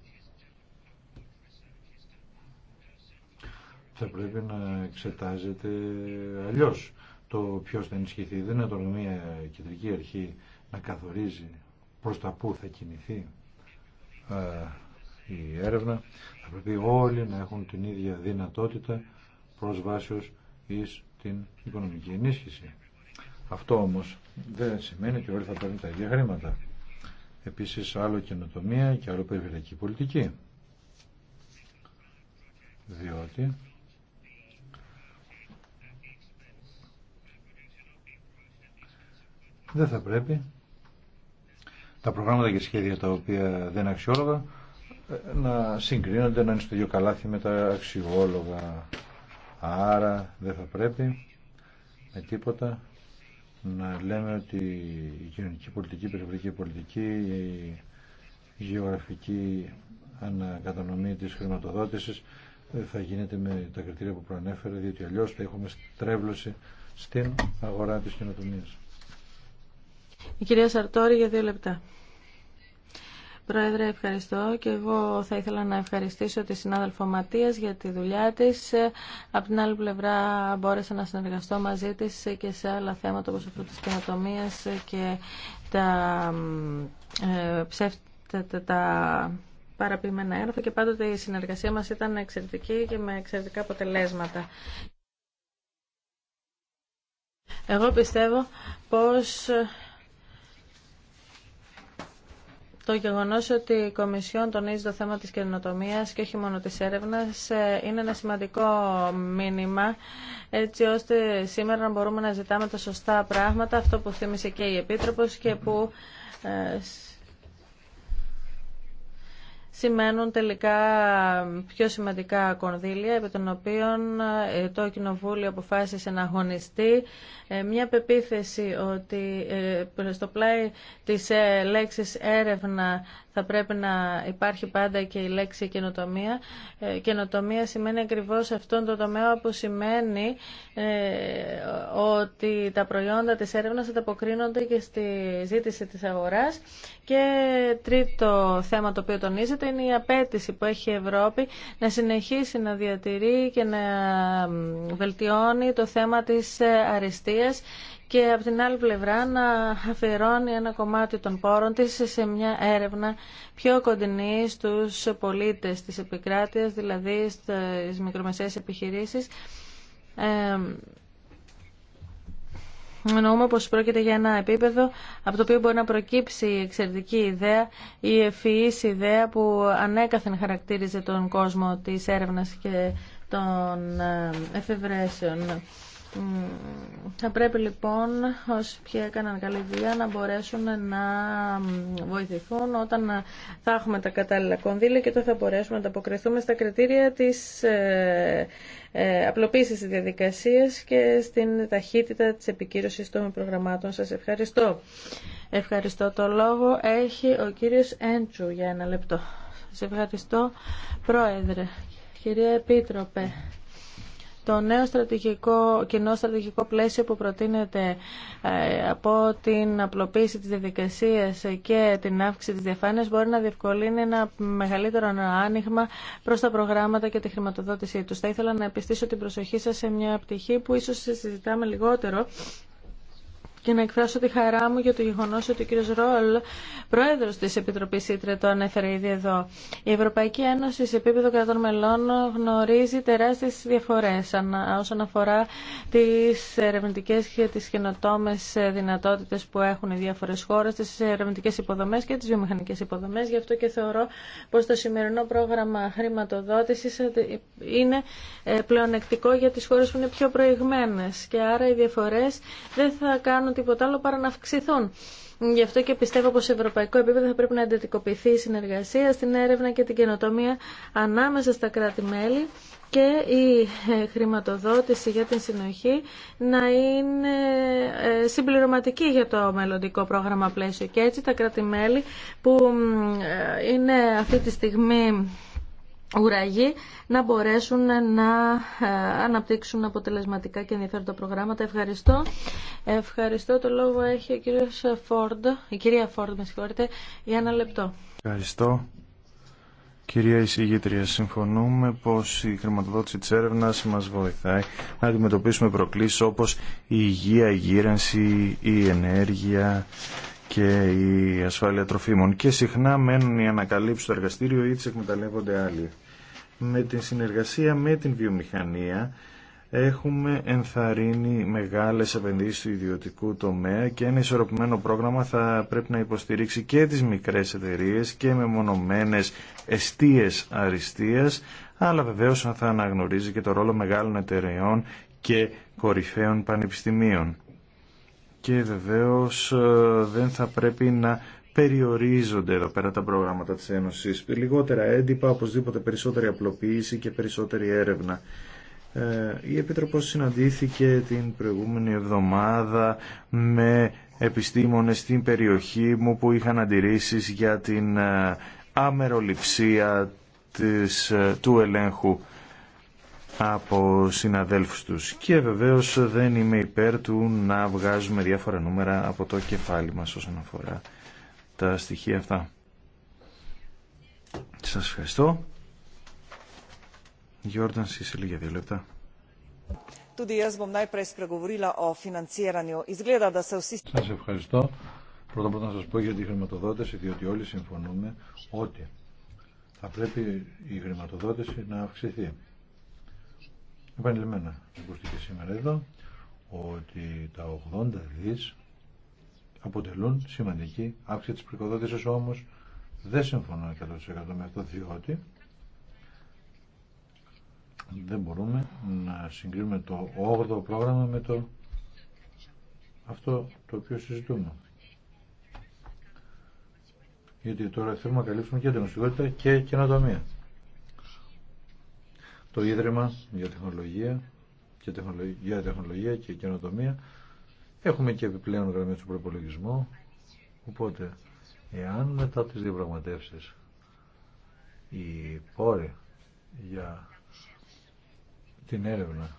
θα πρέπει να εξετάζεται αλλιώς το ποιος θα ενισχυθεί. Δεν είναι τώρα μια κεντρική αρχή να καθορίζει προς τα πού θα κινηθεί ε, η έρευνα. Θα πρέπει όλοι να έχουν την ίδια δυνατότητα προσβάσεως εις την οικονομική ενίσχυση. Αυτό όμως δεν σημαίνει ότι όλοι θα παίρνουν τα ίδια χρήματα. Επίσης άλλο καινοτομία και άλλο περιφερειακή πολιτική. Διότι δεν θα πρέπει τα προγράμματα και σχέδια τα οποία δεν αξιόλογα ε, να συγκρίνονται, να είναι στο ίδιο καλάθι με τα αξιόλογα. Άρα δεν θα πρέπει με τίποτα να λέμε ότι η κοινωνική πολιτική, η περιφερειακή πολιτική, η γεωγραφική ανακατανομή της χρηματοδότησης ε, θα γίνεται με τα κριτήρια που προανέφερα, διότι αλλιώς θα έχουμε στρέβλωση στην αγορά της καινοτομίας. Η κυρία Σαρτόρη για δύο λεπτά. Πρόεδρε, ευχαριστώ και εγώ θα ήθελα να ευχαριστήσω τη συνάδελφο Ματίας για τη δουλειά της. Από την άλλη πλευρά μπόρεσα να συνεργαστώ μαζί της και σε άλλα θέματα όπως αυτό της και τα ε, τα παραποιημένα έργα και πάντοτε η συνεργασία μας ήταν εξαιρετική και με εξαιρετικά αποτελέσματα. Εγώ πιστεύω πως το γεγονό ότι η Κομισιόν τονίζει το θέμα τη καινοτομία και όχι μόνο τη έρευνα ε, είναι ένα σημαντικό μήνυμα, έτσι ώστε σήμερα να μπορούμε να ζητάμε τα σωστά πράγματα, αυτό που θύμισε και η Επίτροπο και που ε, σημαίνουν τελικά πιο σημαντικά κονδύλια, επί των οποίων ε, το Κοινοβούλιο αποφάσισε να αγωνιστεί. Ε, μια πεποίθηση ότι στο ε, πλάι της λέξης έρευνα θα πρέπει να υπάρχει πάντα και η λέξη καινοτομία. Ε, καινοτομία σημαίνει ακριβώς αυτόν τον τομέα που σημαίνει ε, ότι τα προϊόντα της έρευνας ανταποκρίνονται και στη ζήτηση της αγοράς. Και τρίτο θέμα το οποίο τονίζεται είναι η απέτηση που έχει η Ευρώπη να συνεχίσει να διατηρεί και να βελτιώνει το θέμα της ε, αριστείας και από την άλλη πλευρά να αφιερώνει ένα κομμάτι των πόρων της σε μια έρευνα πιο κοντινή στους πολίτες της επικράτειας, δηλαδή στις μικρομεσαίες επιχειρήσεις. Ε, Εννοούμε πως πρόκειται για ένα επίπεδο από το οποίο μπορεί να προκύψει η εξαιρετική ιδέα, η ευφυής ιδέα που ανέκαθεν χαρακτήριζε τον κόσμο της έρευνας και των εφευρέσεων. Θα πρέπει λοιπόν όσοι πια έκαναν καλή δουλειά να μπορέσουν να βοηθηθούν όταν θα έχουμε τα κατάλληλα κονδύλια και το θα μπορέσουμε να ανταποκριθούμε στα κριτήρια της ε, ε, απλοποίησης διαδικασίας και στην ταχύτητα της επικύρωσης των προγραμμάτων. Σας ευχαριστώ. Ευχαριστώ. Το λόγο έχει ο κύριος Έντσου για ένα λεπτό. Σας ευχαριστώ Πρόεδρε, κυρία Επίτροπε. Το νέο στρατηγικό, κοινό στρατηγικό πλαίσιο που προτείνεται ε, από την απλοποίηση της διαδικασίας και την αύξηση της διαφάνειας μπορεί να διευκολύνει ένα μεγαλύτερο άνοιγμα προς τα προγράμματα και τη χρηματοδότησή τους. Θα ήθελα να επιστήσω την προσοχή σας σε μια πτυχή που ίσως συζητάμε λιγότερο και να εκφράσω τη χαρά μου για το γεγονό ότι ο κ. Ρόλ, πρόεδρο τη Επιτροπή Ήτρε, το ανέφερε ήδη εδώ. Η Ευρωπαϊκή Ένωση σε επίπεδο κρατών μελών γνωρίζει τεράστιε διαφορέ όσον αφορά τι ερευνητικέ και τι καινοτόμε δυνατότητε που έχουν οι διάφορε χώρε, τι ερευνητικέ υποδομέ και τι βιομηχανικέ υποδομέ. Γι' αυτό και θεωρώ πω το σημερινό πρόγραμμα χρηματοδότηση είναι ε, πλεονεκτικό για τι χώρε που είναι πιο προηγμένε. Και άρα οι διαφορέ δεν θα κάνουν κάνουν τίποτα άλλο παρά να αυξηθούν. Γι' αυτό και πιστεύω πως σε ευρωπαϊκό επίπεδο θα πρέπει να εντετικοποιηθεί η συνεργασία στην έρευνα και την καινοτομία ανάμεσα στα κράτη-μέλη και η ε, χρηματοδότηση για την συνοχή να είναι ε, συμπληρωματική για το μελλοντικό πρόγραμμα πλαίσιο. Και έτσι τα κράτη-μέλη που ε, είναι αυτή τη στιγμή να μπορέσουν να ε, αναπτύξουν αποτελεσματικά και ενδιαφέροντα προγράμματα. Ευχαριστώ. Ευχαριστώ. Το λόγο έχει ο κύριος Φόρντ, η κυρία Φόρντ, με για ένα λεπτό. Ευχαριστώ. Κυρία Εισηγήτρια, συμφωνούμε πως η χρηματοδότηση της έρευνας μας βοηθάει να αντιμετωπίσουμε προκλήσεις όπως η υγεία, η γύρανση, η ενέργεια και η ασφάλεια τροφίμων. Και συχνά μένουν οι ανακαλύψεις στο εργαστήριο ή τις εκμεταλλεύονται άλλοι. Με την συνεργασία με την βιομηχανία έχουμε ενθαρρύνει μεγάλες επενδύσεις του ιδιωτικού τομέα και ένα ισορροπημένο πρόγραμμα θα πρέπει να υποστηρίξει και τις μικρές εταιρείες και με μεμονωμένες εστίες αριστείας αλλά βεβαίως θα αναγνωρίζει και το ρόλο μεγάλων εταιρεών και κορυφαίων πανεπιστημίων. Και βεβαίως ε, δεν θα πρέπει να περιορίζονται εδώ πέρα τα προγράμματα της Ένωσης. Λιγότερα έντυπα, οπωσδήποτε περισσότερη απλοποίηση και περισσότερη έρευνα. Ε, η Επίτροπος συναντήθηκε την προηγούμενη εβδομάδα με επιστήμονες στην περιοχή μου που είχαν αντιρρήσεις για την ε, αμεροληψία της, ε, του ελέγχου από συναδέλφους τους. Και βεβαίως δεν είμαι υπέρ του να βγάζουμε διάφορα νούμερα από το κεφάλι μας όσον αφορά τα στοιχεία αυτά. Σας ευχαριστώ. Γιόρταν σε για δύο λεπτά. Σας ευχαριστώ. Πρώτα πρώτα να σας πω για τη χρηματοδότηση, διότι όλοι συμφωνούμε ότι θα πρέπει η χρηματοδότηση να αυξηθεί. Επανειλημμένα, ακούστηκε σήμερα εδώ, ότι τα 80 δις αποτελούν σημαντική αύξηση της πληκοδότησης όμως δεν συμφωνώ 100% με αυτό διότι δεν μπορούμε να συγκρίνουμε το 8ο πρόγραμμα με το αυτό το οποίο συζητούμε. Γιατί τώρα θέλουμε να καλύψουμε και ανταγωνιστικότητα και καινοτομία. Το Ίδρυμα για Τεχνολογία και, για τεχνολογία και Καινοτομία Έχουμε και επιπλέον γραμμή του προπολογισμού, οπότε εάν μετά τις διαπραγματεύσεις οι πόροι για την έρευνα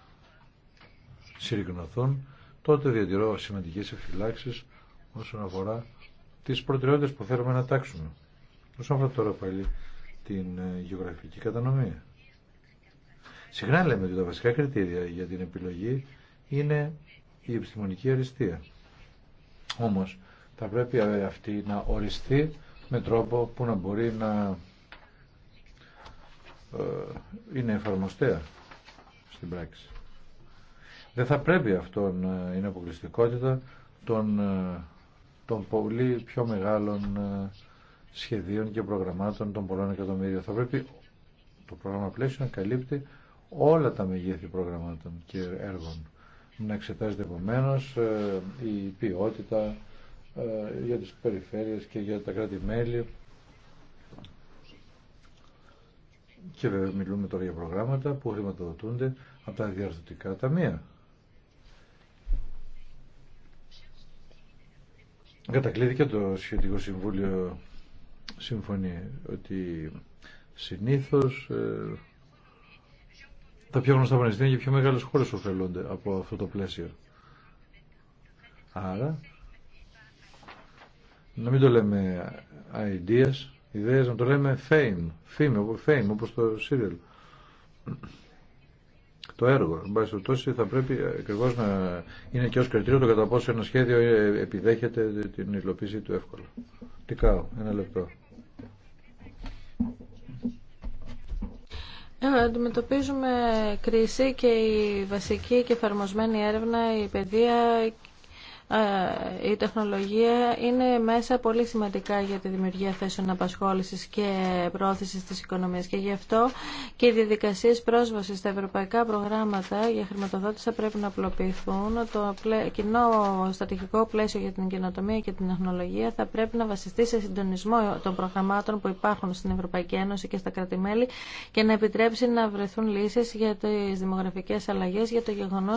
συρρυκνωθούν, τότε διατηρώ σημαντικές επιφυλάξεις όσον αφορά τις προτεραιότητες που θέλουμε να τάξουμε. Όσον αφορά τώρα πάλι την ε, γεωγραφική κατανομή. Συχνά λέμε ότι τα βασικά κριτήρια για την επιλογή είναι η επιστημονική αριστεία. Όμως θα πρέπει αυτή να οριστεί με τρόπο που να μπορεί να ε, είναι εφαρμοστέα στην πράξη. Δεν θα πρέπει αυτό να είναι αποκλειστικότητα των, ε, των πολύ πιο μεγάλων ε, σχεδίων και προγραμμάτων των πολλών εκατομμύριων. Θα πρέπει το πρόγραμμα πλαίσιο να καλύπτει όλα τα μεγέθη προγραμμάτων και έργων να εξετάζεται επομένω ε, η ποιότητα ε, για τις περιφέρειες και για τα κράτη-μέλη και βέβαια μιλούμε τώρα για προγράμματα που χρηματοδοτούνται από τα διαρθρωτικά ταμεία. Κατακλείθηκε το σχετικό συμβούλιο συμφωνεί ότι συνήθως ε, τα πιο γνωστά πανεπιστήμια και πιο μεγάλε χώρε ωφελούνται από αυτό το πλαίσιο. Άρα, να μην το λέμε ideas, ιδέες, να το λέμε fame, fame, fame όπως το serial. Το έργο, εν πάση τόσο, θα πρέπει ακριβώ να είναι και ω κριτήριο το κατά πόσο ένα σχέδιο ε, επιδέχεται την υλοποίηση του εύκολα. Τι κάνω, ένα λεπτό. Ε, αντιμετωπίζουμε κρίση και η βασική και εφαρμοσμένη έρευνα, η παιδεία ε, η τεχνολογία είναι μέσα πολύ σημαντικά για τη δημιουργία θέσεων απασχόληση και πρόθεση τη οικονομία. και γι' αυτό και οι διαδικασίε πρόσβαση στα ευρωπαϊκά προγράμματα για χρηματοδότηση θα πρέπει να απλοποιηθούν. Το κοινό στρατηγικό πλαίσιο για την καινοτομία και την τεχνολογία θα πρέπει να βασιστεί σε συντονισμό των προγραμμάτων που υπάρχουν στην Ευρωπαϊκή Ένωση και στα κράτη-μέλη και να επιτρέψει να βρεθούν λύσει για τι δημογραφικέ αλλαγέ για το γεγονό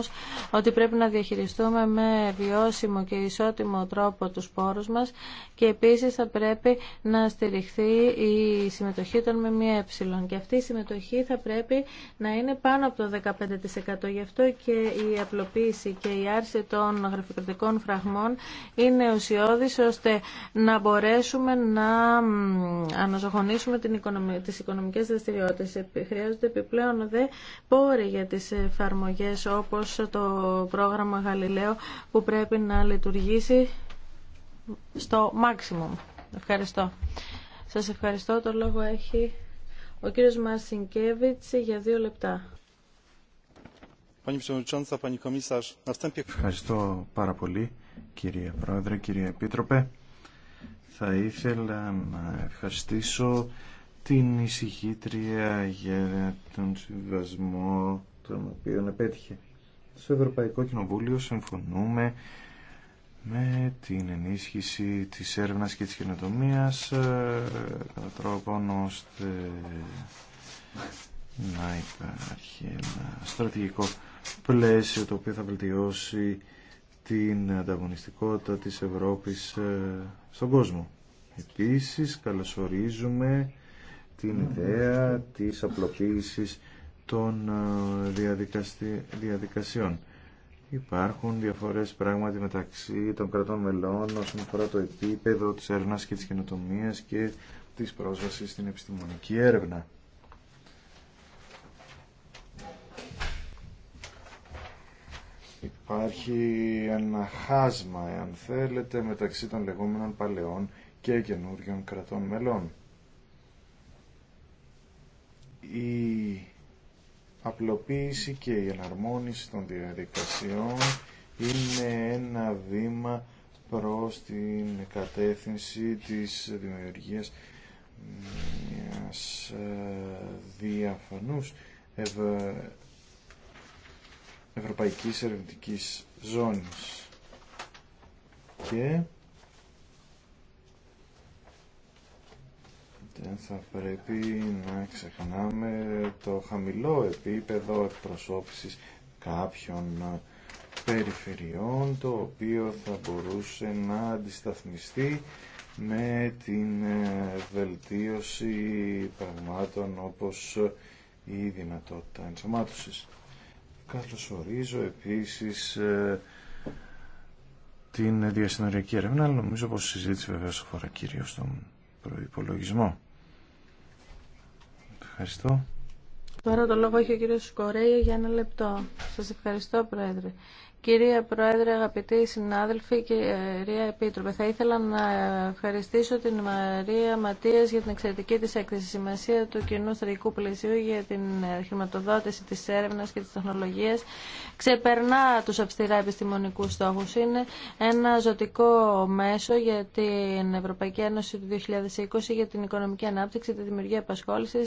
ότι πρέπει να διαχειριστούμε με βιώσιμη βιώσιμο και ισότιμο τρόπο του πόρους μα και επίση θα πρέπει να στηριχθεί η συμμετοχή των ΜΜΕ. Και αυτή η συμμετοχή θα πρέπει να είναι πάνω από το 15%. Γι' αυτό και η απλοποίηση και η άρση των γραφειοκρατικών φραγμών είναι ουσιώδη ώστε να μπορέσουμε να αναζωογονήσουμε τι οικονομικέ δραστηριότητε. Χρειάζονται επιπλέον δε πόροι για τι εφαρμογέ όπω το πρόγραμμα Γαλιλαίο που πρέπει να να λειτουργήσει στο maximum. Ευχαριστώ. Σας ευχαριστώ. Το λόγο έχει ο κύριος Μαρσινκέβιτς για δύο λεπτά. Ευχαριστώ πάρα πολύ κύριε Πρόεδρε, κύριε Επίτροπε. Θα ήθελα να ευχαριστήσω την ησυχήτρια για τον συμβασμό τον οποίο επέτυχε. Στο Ευρωπαϊκό Κοινοβούλιο συμφωνούμε με την ενίσχυση της έρευνας και της καινοτομίας ε, κατά τρόπον ώστε να υπάρχει ένα στρατηγικό πλαίσιο το οποίο θα βελτιώσει την ανταγωνιστικότητα της Ευρώπης ε, στον κόσμο. Επίσης καλωσορίζουμε την ιδέα της απλοποίησης των ε, διαδικασιών Υπάρχουν διαφορές πράγματι μεταξύ των κρατών μελών όσον αφορά το επίπεδο της έρευνα και τη καινοτομία και της πρόσβαση στην επιστημονική έρευνα. Υπάρχει ένα χάσμα, εάν θέλετε, μεταξύ των λεγόμενων παλαιών και καινούριων κρατών μελών απλοποίηση και η εναρμόνιση των διαδικασιών είναι ένα βήμα προς την κατεύθυνση της δημιουργίας μιας ε, διαφανούς ευρωπαϊκής ερευνητικής ζώνης και δεν θα πρέπει να ξεχνάμε το χαμηλό επίπεδο εκπροσώπησης κάποιων περιφερειών το οποίο θα μπορούσε να αντισταθμιστεί με την ε, βελτίωση πραγμάτων όπως η δυνατότητα ενσωμάτωσης. Καλωσορίζω επίσης ε, την διασυνοριακή έρευνα, αλλά νομίζω πως η συζήτηση βεβαίως αφορά κυρίως τον προϋπολογισμό. Ευχαριστώ. Τώρα το λόγο έχει ο κύριος Κορέιο για ένα λεπτό. Σας ευχαριστώ, Πρόεδρε. Κυρία Πρόεδρε, αγαπητοί συνάδελφοι, κυρία Επίτροπε, θα ήθελα να ευχαριστήσω την Μαρία Ματία για την εξαιρετική τη έκθεση σημασία του κοινού στρατηγικού πλαισίου για την χρηματοδότηση τη έρευνα και τη τεχνολογία. Ξεπερνά του αυστηρά επιστημονικού στόχου. Είναι ένα ζωτικό μέσο για την Ευρωπαϊκή Ένωση του 2020, για την οικονομική ανάπτυξη, τη δημιουργία απασχόληση,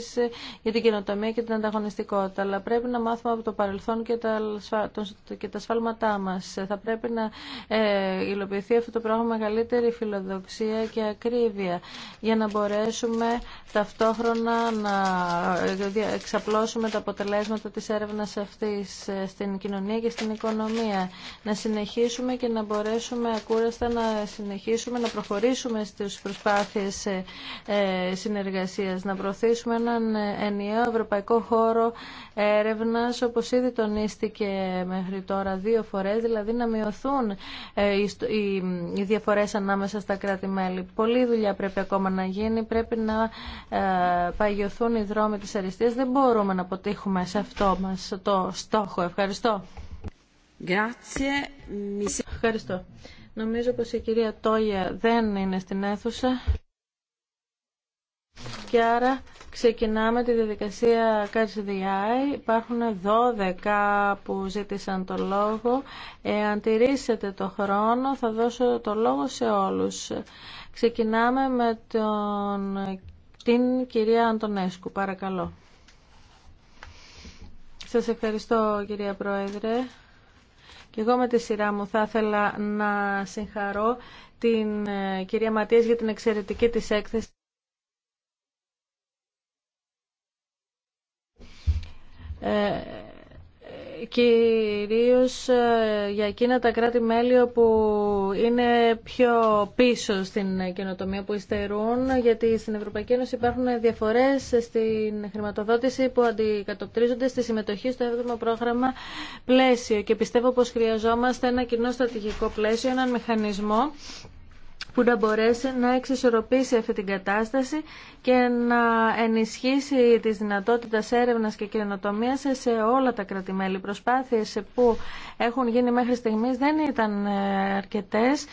για την καινοτομία και την ανταγωνιστικότητα. Αλλά πρέπει να μάθουμε από το παρελθόν και τα, και τα σφάλματά θα πρέπει να ε, υλοποιηθεί αυτό το πράγμα μεγαλύτερη φιλοδοξία και ακρίβεια για να μπορέσουμε ταυτόχρονα να ε, εξαπλώσουμε τα αποτελέσματα της έρευνας αυτής ε, στην κοινωνία και στην οικονομία. Να συνεχίσουμε και να μπορέσουμε ακούραστα να συνεχίσουμε να προχωρήσουμε στις προσπάθειες συνεργασίας, να προωθήσουμε έναν ενιαίο ευρωπαϊκό χώρο έρευνας όπως ήδη τονίστηκε μέχρι τώρα δύο διαφορές, δηλαδή να μειωθούν ε, οι διαφορές ανάμεσα στα κράτη-μέλη. Πολλή δουλειά πρέπει ακόμα να γίνει, πρέπει να ε, παγιωθούν οι δρόμοι της αριστείας. Δεν μπορούμε να αποτύχουμε σε αυτό μας το στόχο. Ευχαριστώ. Ευχαριστώ. Νομίζω πως η κυρία Τόγια δεν είναι στην αίθουσα. Και άρα ξεκινάμε τη διαδικασία Catch the Eye. Υπάρχουν 12 που ζήτησαν το λόγο. Εάν τηρήσετε το χρόνο θα δώσω το λόγο σε όλους. Ξεκινάμε με τον, την κυρία Αντωνέσκου. Παρακαλώ. Σας ευχαριστώ κυρία Πρόεδρε. Και εγώ με τη σειρά μου θα ήθελα να συγχαρώ την ε, κυρία Ματίας για την εξαιρετική της έκθεση. Ε, ε, κυρίως ε, για εκείνα τα κράτη-μέλη που είναι πιο πίσω στην καινοτομία που υστερούν γιατί στην Ευρωπαϊκή Ένωση υπάρχουν διαφορές στην χρηματοδότηση που αντικατοπτρίζονται στη συμμετοχή στο 7ο πρόγραμμα πλαίσιο και πιστεύω πως χρειαζόμαστε ένα κοινό στρατηγικό πλαίσιο, έναν μηχανισμό που να μπορέσει να εξισορροπήσει αυτή την κατάσταση και να ενισχύσει τις δυνατότητες έρευνας και καινοτομίας σε όλα τα κρατημέλη. Οι προσπάθειες που έχουν γίνει μέχρι στιγμής δεν ήταν ε, αρκετές.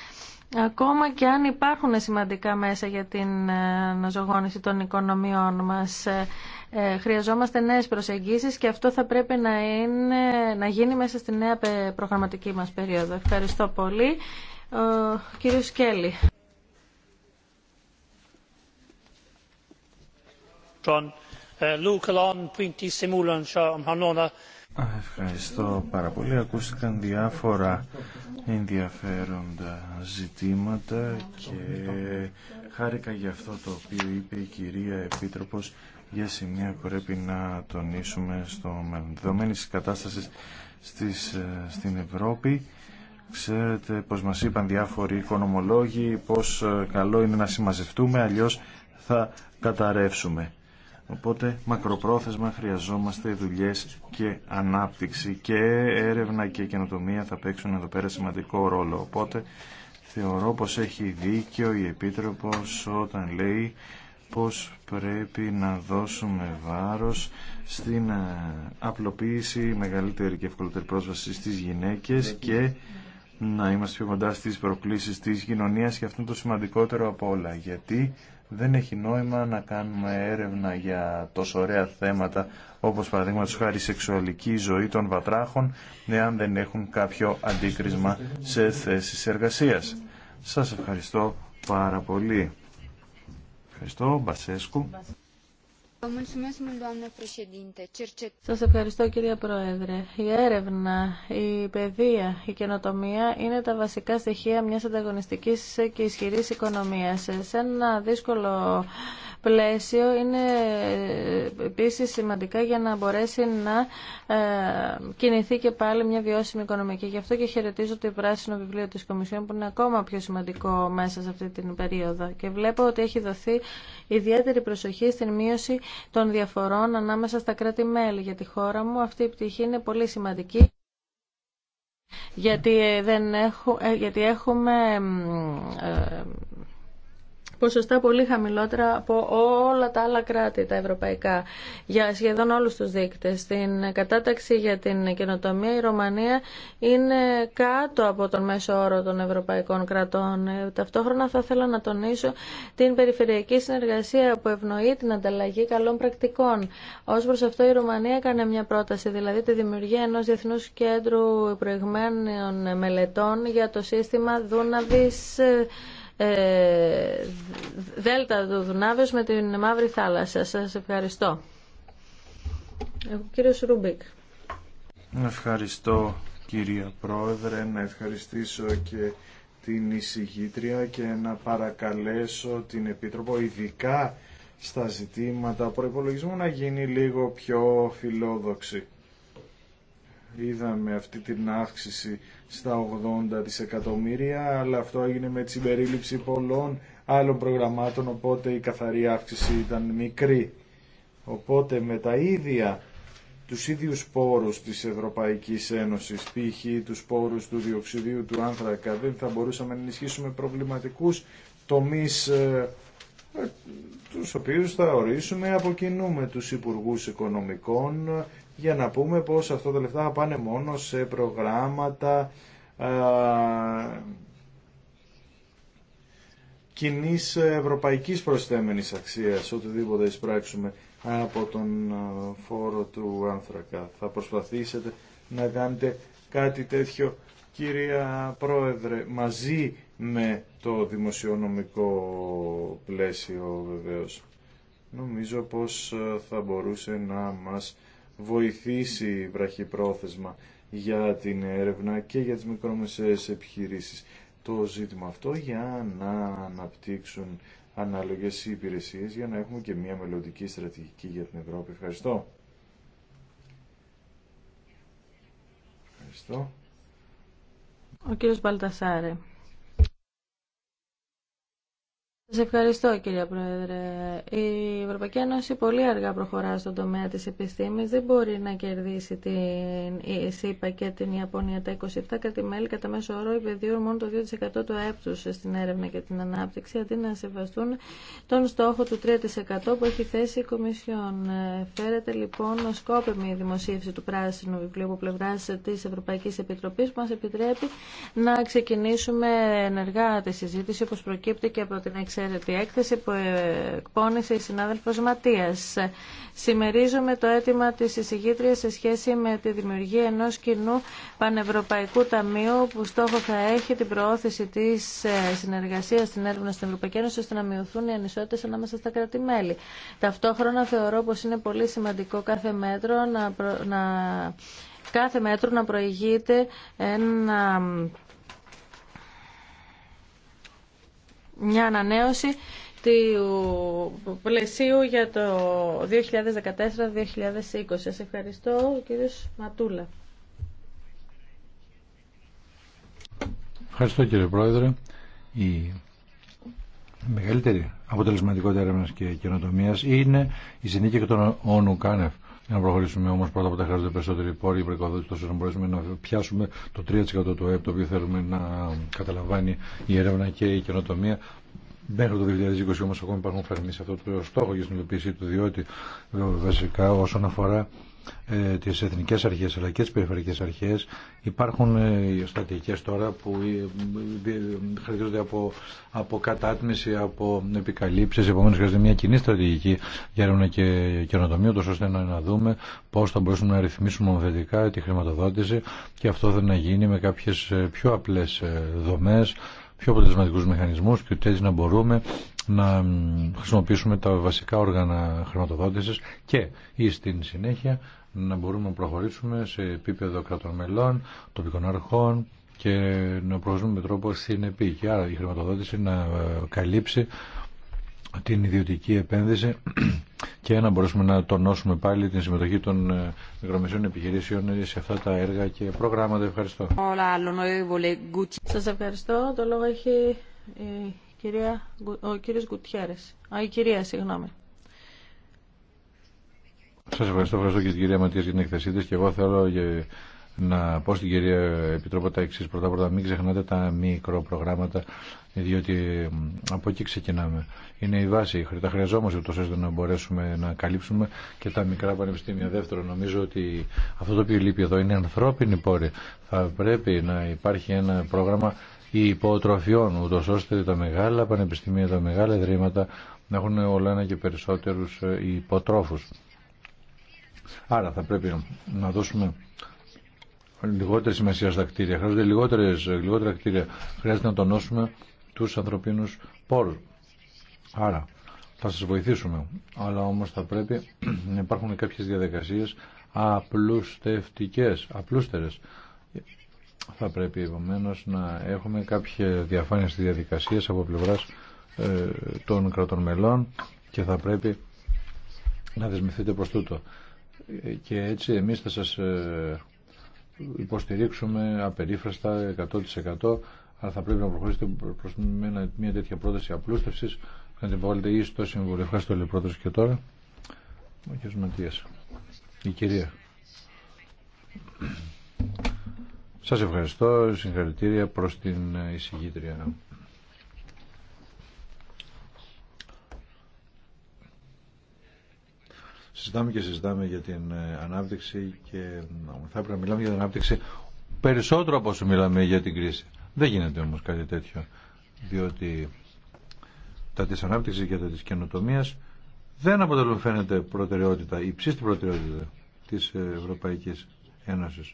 Ακόμα και αν υπάρχουν σημαντικά μέσα για την ε, αναζωγόνηση των οικονομιών μας, ε, χρειαζόμαστε νέες προσεγγίσεις και αυτό θα πρέπει να, είναι, να γίνει μέσα στη νέα προγραμματική μας περίοδο. Ευχαριστώ πολύ. Ε, ευχαριστώ πάρα πολύ. Ακούστηκαν διάφορα ενδιαφέροντα ζητήματα και χάρηκα για αυτό το οποίο είπε η κυρία Επίτροπος για σημεία που πρέπει να τονίσουμε στο μέλλον. Δεδομένης κατάσταση ε, στην Ευρώπη Ξέρετε πως μας είπαν διάφοροι οικονομολόγοι πως ε, καλό είναι να συμμαζευτούμε αλλιώς θα καταρρεύσουμε. Οπότε μακροπρόθεσμα χρειαζόμαστε δουλειές και ανάπτυξη και έρευνα και καινοτομία θα παίξουν εδώ πέρα σημαντικό ρόλο. Οπότε θεωρώ πως έχει δίκιο η Επίτροπος όταν λέει πως πρέπει να δώσουμε βάρος στην ε, απλοποίηση, μεγαλύτερη και ευκολότερη πρόσβαση στις γυναίκες και να είμαστε πιο κοντά στι προκλήσει τη κοινωνία και αυτό είναι το σημαντικότερο από όλα γιατί δεν έχει νόημα να κάνουμε έρευνα για τόσο ωραία θέματα όπως παραδείγματος χάρη σεξουαλική ζωή των βατράχων εάν δεν έχουν κάποιο αντίκρισμα σε θέσεις εργασίας. Σα ευχαριστώ πάρα πολύ. Ευχαριστώ Μπασέσκου. Σας ευχαριστώ κύριε Πρόεδρε. Η έρευνα, η παιδεία, η καινοτομία είναι τα βασικά στοιχεία μιας ανταγωνιστικής και ισχυρής οικονομίας. Σε ένα δύσκολο πλαίσιο είναι ε, επίσης σημαντικά για να μπορέσει να ε, κινηθεί και πάλι μια βιώσιμη οικονομική. Γι' αυτό και χαιρετίζω το πράσινο βιβλίο της Κομισιόν που είναι ακόμα πιο σημαντικό μέσα σε αυτή την περίοδο. Και βλέπω ότι έχει δοθεί ιδιαίτερη προσοχή στην μείωση των διαφορών ανάμεσα στα κράτη-μέλη για τη χώρα μου. Αυτή η πτυχή είναι πολύ σημαντική. Γιατί, ε, δεν γιατί έχουμε ποσοστά πολύ χαμηλότερα από όλα τα άλλα κράτη, τα ευρωπαϊκά, για σχεδόν όλους τους δείκτες. Στην κατάταξη για την καινοτομία η Ρωμανία είναι κάτω από τον μέσο όρο των ευρωπαϊκών κρατών. Ε, ταυτόχρονα θα ήθελα να τονίσω την περιφερειακή συνεργασία που ευνοεί την ανταλλαγή καλών πρακτικών. Ως προς αυτό η Ρωμανία έκανε μια πρόταση, δηλαδή τη δημιουργία ενός διεθνούς κέντρου προηγμένων μελετών για το σύστημα Δούναβης ε, ε, δέλτα του Δουνάβεως με την Μαύρη Θάλασσα. Σας ευχαριστώ. Ο κύριος Ρούμπικ. Ευχαριστώ κυρία Πρόεδρε, να ευχαριστήσω και την εισηγήτρια και να παρακαλέσω την Επίτροπο ειδικά στα ζητήματα προϋπολογισμού να γίνει λίγο πιο φιλόδοξη είδαμε αυτή την αύξηση στα 80 δισεκατομμύρια, αλλά αυτό έγινε με τη συμπερίληψη πολλών άλλων προγραμμάτων, οπότε η καθαρή αύξηση ήταν μικρή. Οπότε με τα ίδια τους ίδιους πόρους της Ευρωπαϊκής Ένωσης, π.χ. τους πόρους του διοξιδίου του άνθρακα, δεν θα μπορούσαμε να ενισχύσουμε προβληματικούς τομείς ε, ε, τους οποίους θα ορίσουμε από κοινού με τους Υπουργούς Οικονομικών για να πούμε πως αυτά τα λεφτά πάνε μόνο σε προγράμματα α, κοινής ευρωπαϊκής προσθέμενης αξίας, οτιδήποτε εισπράξουμε από τον φόρο του άνθρακα. Θα προσπαθήσετε να κάνετε κάτι τέτοιο, κυρία Πρόεδρε, μαζί με το δημοσιονομικό πλαίσιο βεβαίως. Νομίζω πως θα μπορούσε να μας βοηθήσει βραχυπρόθεσμα για την έρευνα και για τις μικρομεσαίες επιχειρήσεις το ζήτημα αυτό για να αναπτύξουν ανάλογες υπηρεσίες για να έχουμε και μια μελλοντική στρατηγική για την Ευρώπη. Ευχαριστώ. Ευχαριστώ. Ο κύριος Μπαλτασάρε. Σας ευχαριστώ κύριε Πρόεδρε. Η Ευρωπαϊκή Ένωση πολύ αργά προχωρά στον τομέα της επιστήμης. Δεν μπορεί να κερδίσει την ΣΥΠΑ και την Ιαπωνία. Τα 27 μέλη, κατά μέσο όρο επενδύουν μόνο το 2% του ΑΕΠ στην έρευνα και την ανάπτυξη αντί να σεβαστούν τον στόχο του 3% που έχει θέσει η Κομισιόν. Φέρεται λοιπόν σκόπεμη η δημοσίευση του πράσινου βιβλίου από πλευρά τη Ευρωπαϊκή Επιτροπή που μα επιτρέπει να ξεκινήσουμε ενεργά τη συζήτηση όπω προκύπτει και από την εξαίρετη έκθεση που εκπώνησε η συνάδελφος Ματίας. Σημερίζομαι το αίτημα της εισηγήτριας σε σχέση με τη δημιουργία ενός κοινού πανευρωπαϊκού ταμείου που στόχο θα έχει την προώθηση της ε, συνεργασίας στην έρευνα στην Ευρωπαϊκή Ένωση ώστε να μειωθούν οι ανισότητες ανάμεσα στα κράτη-μέλη. Ταυτόχρονα θεωρώ πως είναι πολύ σημαντικό κάθε μέτρο να, να... κάθε μέτρο να προηγείται ένα μια ανανέωση του πλαισίου για το 2014-2020. Σας ευχαριστώ, κύριος Ματούλα. Ευχαριστώ, κύριε Πρόεδρε. Η μεγαλύτερη αποτελεσματικότητα έρευνα και καινοτομίας είναι η συνθήκη των ΟΝΟΥ ΚΑΝΕΦ να προχωρήσουμε όμω πρώτα από τα χρειάζονται περισσότεροι πόροι προεκοδότηση ώστε να μπορέσουμε να πιάσουμε το 3% του ΕΕ, το οποίο θέλουμε να καταλαμβάνει η έρευνα και η καινοτομία. Μέχρι το 2020 όμω ακόμα υπάρχουν φραγμοί σε αυτό το στόχο για την υλοποίησή του, διότι βασικά όσον αφορά ε, τις εθνικές αρχές αλλά και τις περιφερειακές αρχές υπάρχουν ε, στατικές τώρα που ε, ε, χρειάζονται από, από κατάτμιση, από επικαλύψεις Επομένω χρειάζεται μια κοινή στρατηγική για έρευνα και καινοτομία τόσο ώστε να, να δούμε πώς θα μπορούσαμε να ρυθμίσουμε ομοθετικά τη χρηματοδότηση και αυτό θα να γίνει με κάποιες ε, πιο απλές δομές πιο αποτελεσματικού μηχανισμούς και έτσι να μπορούμε να χρησιμοποιήσουμε τα βασικά όργανα χρηματοδότησης και ή στην συνέχεια να μπορούμε να προχωρήσουμε σε επίπεδο κρατών μελών, τοπικών αρχών και να προχωρήσουμε με τρόπο συνεπή. Και άρα η χρηματοδότηση να ε, καλύψει την ιδιωτική επένδυση και να μπορέσουμε να τονώσουμε πάλι την συμμετοχή των ε, μικρομεσαίων επιχειρήσεων σε αυτά τα έργα και προγράμματα. Ευχαριστώ. Σας ευχαριστώ. Το λόγο έχει η κυρία, ο κύριος Γκουτιέρες. Α, συγγνώμη. Σα ευχαριστώ, ευχαριστώ και την κυρία Ματία για την εκθεσή τη και εγώ θέλω να πω στην κυρία Επιτρόπο τα εξή. Πρώτα πρώτα μην ξεχνάτε τα μικροπρογράμματα, διότι από εκεί ξεκινάμε. Είναι η βάση. Τα χρειαζόμαστε ούτω ώστε να μπορέσουμε να καλύψουμε και τα μικρά πανεπιστήμια. Δεύτερον, νομίζω ότι αυτό το οποίο λείπει εδώ είναι ανθρώπινη πόρη. Θα πρέπει να υπάρχει ένα πρόγραμμα υποτροφιών, ούτω ώστε τα μεγάλα πανεπιστήμια, τα μεγάλα ιδρύματα να έχουν όλα ένα και περισσότερου ε, υποτρόφου. Άρα θα πρέπει να δώσουμε λιγότερη σημασία στα κτίρια. Χρειάζονται λιγότερες, λιγότερα κτίρια. Χρειάζεται να τονώσουμε τους ανθρωπίνους πόρους. Άρα θα σας βοηθήσουμε. Αλλά όμως θα πρέπει να υπάρχουν κάποιες διαδικασίες απλουστευτικές, απλούστερες. Θα πρέπει επομένω να έχουμε κάποια διαφάνεια στις διαδικασίες από πλευράς ε, των κρατών μελών και θα πρέπει να δεσμευτείτε προς τούτο και έτσι εμείς θα σας ε, υποστηρίξουμε απερίφραστα 100% αλλά θα πρέπει να προχωρήσετε προς μια τέτοια πρόταση απλούστευσης να την βάλετε ή στο Συμβούλιο. Ευχαριστώ λέει πρώτος και τώρα. Ο κ. Ματίας. Η κυρία. Σας ευχαριστώ. Συγχαρητήρια προς την εισηγήτρια. συζητάμε και συζητάμε για την ε, ανάπτυξη και ε, θα έπρεπε να μιλάμε για την ανάπτυξη περισσότερο από όσο μιλάμε για την κρίση. Δεν γίνεται όμως κάτι τέτοιο, διότι τα της ανάπτυξης και τα της καινοτομίας δεν αποτελούν φαίνεται προτεραιότητα, υψίστη προτεραιότητα της Ευρωπαϊκής Ένωσης.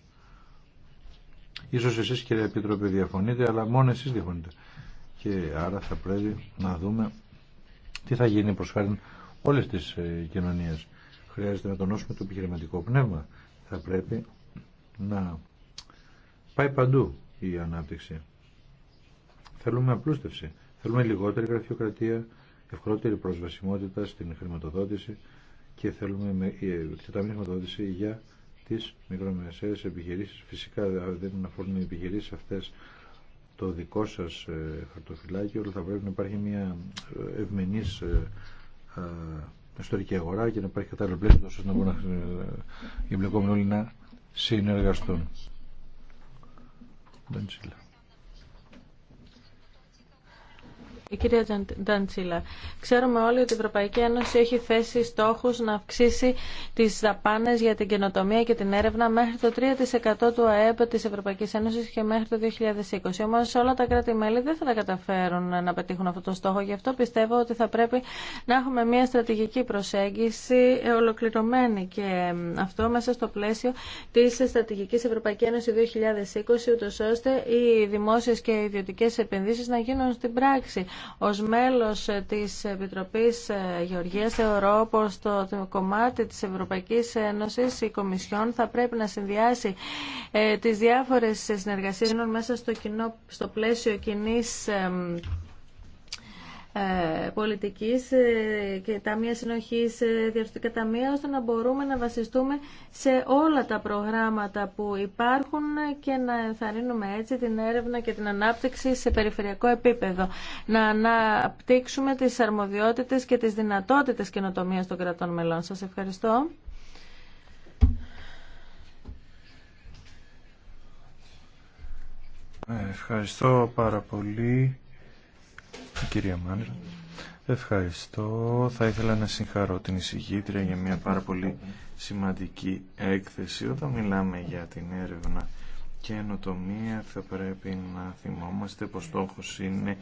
Ίσως εσείς κύριε Επίτροπε διαφωνείτε, αλλά μόνο εσείς διαφωνείτε. Και άρα θα πρέπει να δούμε τι θα γίνει προς χάρη όλες τις ε, κοινωνίες χρειάζεται να τονώσουμε το επιχειρηματικό πνεύμα. Θα πρέπει να πάει παντού η ανάπτυξη. Θέλουμε απλούστευση. Θέλουμε λιγότερη γραφειοκρατία, ευκολότερη προσβασιμότητα στην χρηματοδότηση και θέλουμε μη ε, χρηματοδότηση για τις μικρομεσαίες επιχειρήσεις. Φυσικά δεν αφορούν οι επιχειρήσει αυτέ το δικό σας ε, χαρτοφυλάκιο, αλλά θα πρέπει να υπάρχει μια ε, ευμενή ιστορική αγορά και να υπάρχει κατάλληλο πλαίσιο ώστε να μπορούν οι εμπλεκόμενοι όλοι να συνεργαστούν. Δεν Η κυρία Νταντσίλα, ξέρουμε όλοι ότι η Ευρωπαϊκή Ένωση έχει θέσει στόχους να αυξήσει τις δαπάνες για την καινοτομία και την έρευνα μέχρι το 3% του ΑΕΠ της Ευρωπαϊκής Ένωσης και μέχρι το 2020. Όμως όλα τα κράτη-μέλη δεν θα τα καταφέρουν να πετύχουν αυτό το στόχο. Γι' αυτό πιστεύω ότι θα πρέπει να έχουμε μια στρατηγική προσέγγιση ολοκληρωμένη και αυτό μέσα στο πλαίσιο της Στρατηγικής Ευρωπαϊκής Ένωσης 2020, ούτως ώστε οι δημόσιες και ιδιωτικές επενδύσεις να γίνουν στην πράξη ως μέλος ε, της Επιτροπής ε, Γεωργίας θεωρώ πως το κομμάτι της Ευρωπαϊκής Ένωσης, η Κομισιόν, θα πρέπει να συνδυάσει ε, τις διάφορες συνεργασίες μέσα στο, κοινό, στο πλαίσιο κοινής ε, πολιτικής ε, και ταμεία συνοχής, ε, διαρθρωτικά ταμεία, ώστε να μπορούμε να βασιστούμε σε όλα τα προγράμματα που υπάρχουν και να ενθαρρύνουμε έτσι την έρευνα και την ανάπτυξη σε περιφερειακό επίπεδο. Να αναπτύξουμε τις αρμοδιότητες και τις δυνατότητες καινοτομία των κρατών μελών. Σας ευχαριστώ. Ευχαριστώ πάρα πολύ. Κυρία ευχαριστώ. Θα ήθελα να συγχαρώ την εισηγήτρια για μια πάρα πολύ σημαντική έκθεση. Όταν μιλάμε για την έρευνα και ενοτομία θα πρέπει να θυμόμαστε πως στόχος είναι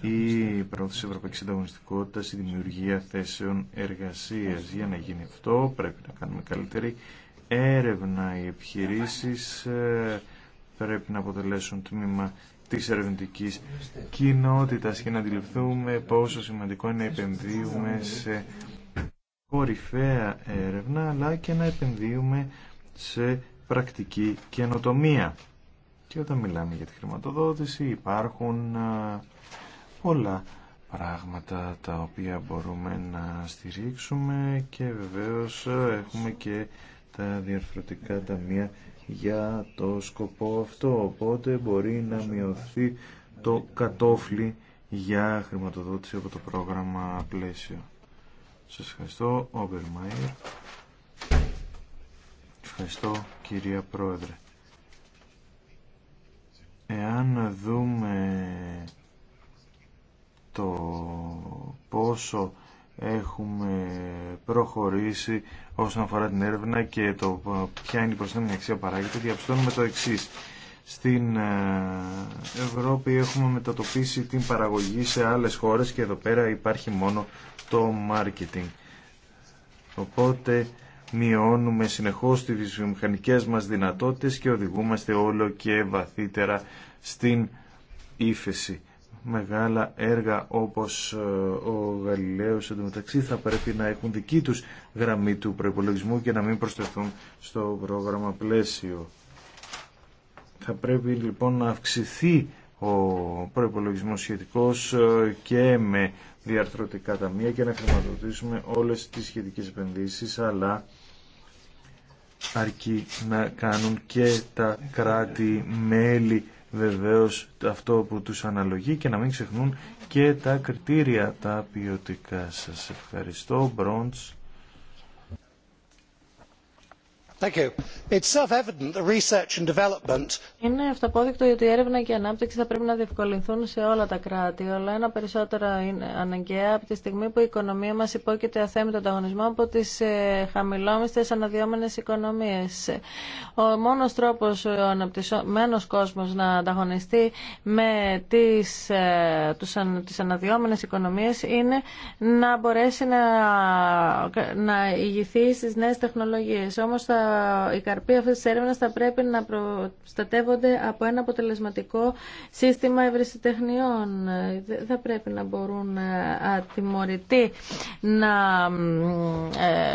η πρόθεση ευρωπαϊκής ανταγωνιστικότητας, η δημιουργία θέσεων εργασίας. Για να γίνει αυτό πρέπει να κάνουμε καλύτερη έρευνα. Οι επιχειρήσεις ε, πρέπει να αποτελέσουν τμήμα της ερευνητικής κοινότητας και να αντιληφθούμε πόσο σημαντικό είναι να επενδύουμε σε κορυφαία έρευνα αλλά και να επενδύουμε σε πρακτική καινοτομία. Και όταν μιλάμε για τη χρηματοδότηση υπάρχουν πολλά πράγματα τα οποία μπορούμε να στηρίξουμε και βεβαίως έχουμε και τα διαρθρωτικά ταμεία για το σκοπό αυτό. Οπότε μπορεί να μειωθεί το κατόφλι για χρηματοδότηση από το πρόγραμμα πλαίσιο. Σας ευχαριστώ, Όμπερ Ευχαριστώ, κυρία Πρόεδρε. Εάν δούμε το πόσο έχουμε προχωρήσει όσον αφορά την έρευνα και το ποια είναι η προσθέμενη αξία παράγεται, διαπιστώνουμε το εξή. Στην ε, Ευρώπη έχουμε μετατοπίσει την παραγωγή σε άλλες χώρες και εδώ πέρα υπάρχει μόνο το marketing. Οπότε μειώνουμε συνεχώς τις βιομηχανικές μας δυνατότητες και οδηγούμαστε όλο και βαθύτερα στην ύφεση μεγάλα έργα όπως ε, ο Γαλιλαίος εντωμεταξύ θα πρέπει να έχουν δική τους γραμμή του προϋπολογισμού και να μην προσθεθούν στο πρόγραμμα πλαίσιο. Θα πρέπει λοιπόν να αυξηθεί ο προϋπολογισμός σχετικός ε, και με διαρθρωτικά ταμεία και να χρηματοδοτήσουμε όλες τις σχετικές επενδύσεις αλλά αρκεί να κάνουν και τα κράτη-μέλη βεβαίως αυτό που τους αναλογεί και να μην ξεχνούν και τα κριτήρια τα ποιοτικά σας. Ευχαριστώ. Μπρόντς. Είναι αυταπόδεικτο ότι η έρευνα και η ανάπτυξη θα πρέπει να διευκολυνθούν σε όλα τα κράτη. Όλα ένα περισσότερο είναι αναγκαία από τη στιγμή που η οικονομία μας υπόκειται αθέμητο ανταγωνισμό από τις ε, χαμηλόμιστες οικονομίε. οικονομίες. Ο μόνος τρόπος ο αναπτυσσόμενος κόσμος να ανταγωνιστεί με τις, ε, τους, είναι να μπορέσει να, ηγηθεί στις νέες τεχνολογίες οι καρποί αυτή τη έρευνα θα πρέπει να προστατεύονται από ένα αποτελεσματικό σύστημα ευρεσιτεχνιών. Δεν θα πρέπει να μπορούν ε, ατιμωρητοί να ε,